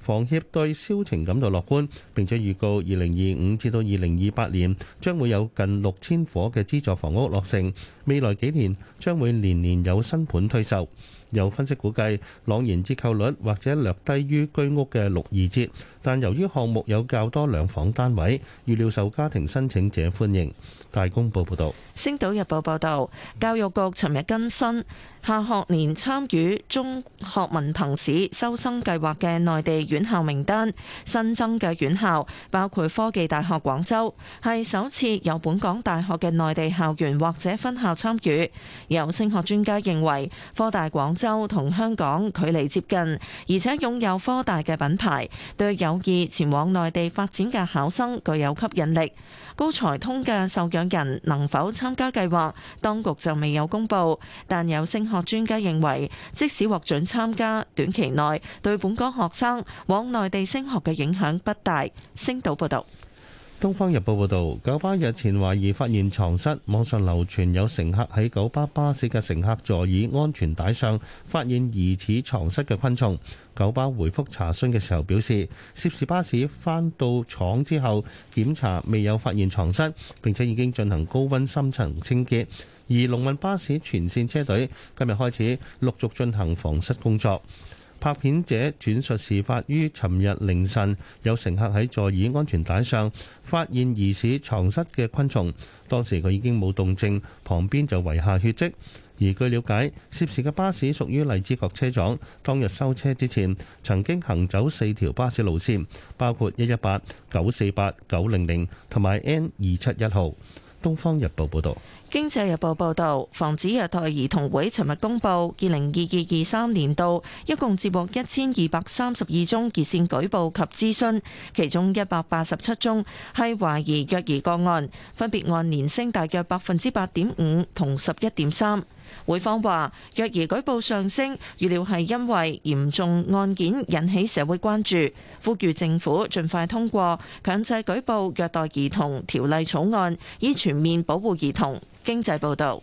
房協對銷情感到樂觀，並且預告二零二五至到二零二八年將會有近六千伙嘅資助房屋落成。未來幾年將會年年有新盤推售。有分析估計，朗然折扣率或者略低於居屋嘅六二折，但由於項目有較多兩房單位，預料受家庭申請者歡迎。大公報報道，《星島日報》報道，教育局尋日更新下學年參與中學文憑試收生計劃嘅內地院校名單，新增嘅院校包括科技大學廣州，係首次有本港大學嘅內地校園或者分校參與。有升學專家認為，科大廣州同香港距離接近，而且擁有科大嘅品牌，對有意前往內地發展嘅考生具有吸引力。高才通嘅受養人能否參加計劃，當局就未有公布，但有升學專家認為，即使獲准參加，短期內對本港學生往內地升學嘅影響不大。星島報道。《東方日報》報導，九巴日前懷疑發現床蝨，網上流傳有乘客喺九巴巴士嘅乘客座椅安全帶上發現疑似床蝨嘅昆蟲。九巴回覆查詢嘅時候表示，涉事巴士返到廠之後檢查未有發現床蝨，並且已經進行高温深層清潔。而龍運巴士全線車隊今日開始陸續進行防蝨工作。拍片者轉述事發於尋日凌晨，有乘客喺座椅安全帶上發現疑似床蝨嘅昆蟲，當時佢已經冇動靜，旁邊就遺下血跡。而據了解，涉事嘅巴士屬於荔枝角車廠，當日收車之前曾經行走四條巴士路線，包括一一八、九四八、九零零同埋 N 二七一號。《東方日報》報道。《經濟日報》報導，防止虐待兒童會尋日公佈，二零二二二三年度一共接獲一千二百三十二宗熱線舉報及諮詢，其中一百八十七宗係懷疑虐兒個案，分別按年升大約百分之八點五同十一點三。會方話，虐兒舉報上升，預料係因為嚴重案件引起社會關注，呼籲政府盡快通過強制舉報虐待兒童條例草案，以全面保護兒童。經濟報道。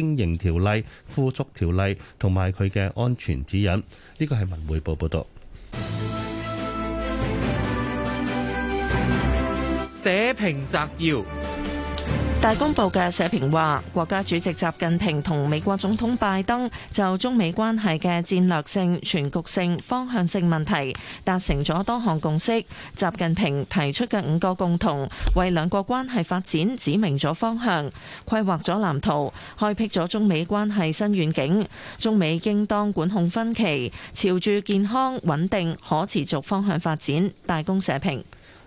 經營條例、附屬條例同埋佢嘅安全指引，呢個係文匯報報道。社評摘要。大公報嘅社評話，國家主席習近平同美國總統拜登就中美關係嘅戰略性、全局性、方向性問題達成咗多項共識。習近平提出嘅五個共同，為兩國關係發展指明咗方向，規劃咗藍圖，開闢咗中美關係新遠景。中美應當管控分歧，朝住健康、穩定、可持續方向發展。大公社評。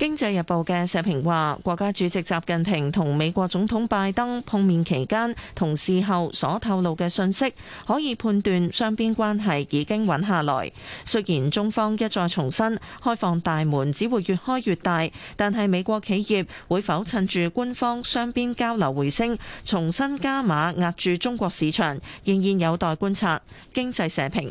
經濟日報嘅社評話：國家主席習近平同美國總統拜登碰面期間同事後所透露嘅信息，可以判斷雙邊關係已經穩下來。雖然中方一再重申開放大門只會越開越大，但係美國企業會否趁住官方雙邊交流回升，重新加碼壓住中國市場，仍然有待觀察。經濟社評。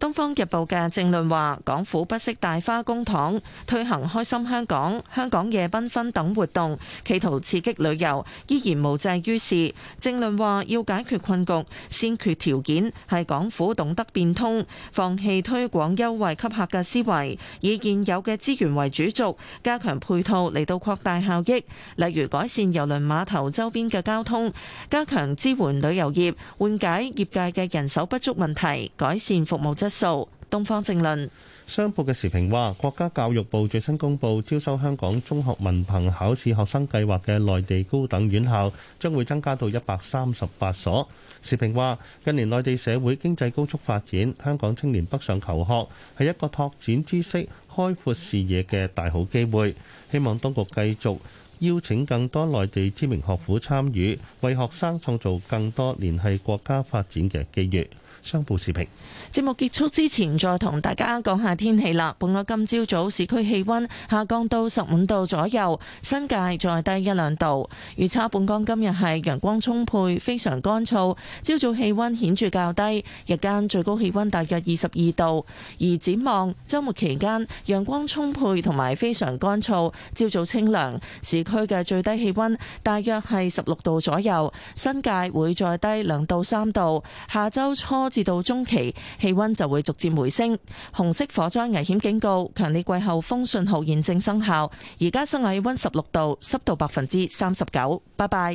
《東方日報》嘅政論話，港府不惜大花公帑推行開心香港、香港夜繽紛等活動，企圖刺激旅遊，依然無濟於事。政論話要解決困局，先決條件係港府懂得變通，放棄推廣優惠吸客嘅思維，以現有嘅資源為主軸，加強配套嚟到擴大效益，例如改善郵輪碼頭周邊嘅交通，加強支援旅遊業，緩解業界嘅人手不足問題，改善服務質素。數東方政論商報嘅時評話，國家教育部最新公布招收香港中學文憑考試學生計劃嘅內地高等院校將會增加到一百三十八所。時評話，近年內地社會經濟高速發展，香港青年北上求學係一個拓展知識、開闊視野嘅大好機會。希望當局繼續邀請更多內地知名學府參與，為學生創造更多聯繫國家發展嘅機遇。商報視頻節目結束之前，再同大家講下天氣啦。本港今朝早市區氣温下降到十五度左右，新界再低一兩度。預測本港今日係陽光充沛，非常乾燥。朝早氣温顯著較低，日間最高氣温大約二十二度。而展望週末期間，陽光充沛同埋非常乾燥。朝早清涼，市區嘅最低氣温大約係十六度左右，新界會再低兩到三度。下週初至到中期，氣溫就會逐漸回升。紅色火災危險警告，強烈季候風信號現正生效。而家室溫十六度，濕度百分之三十九。拜拜。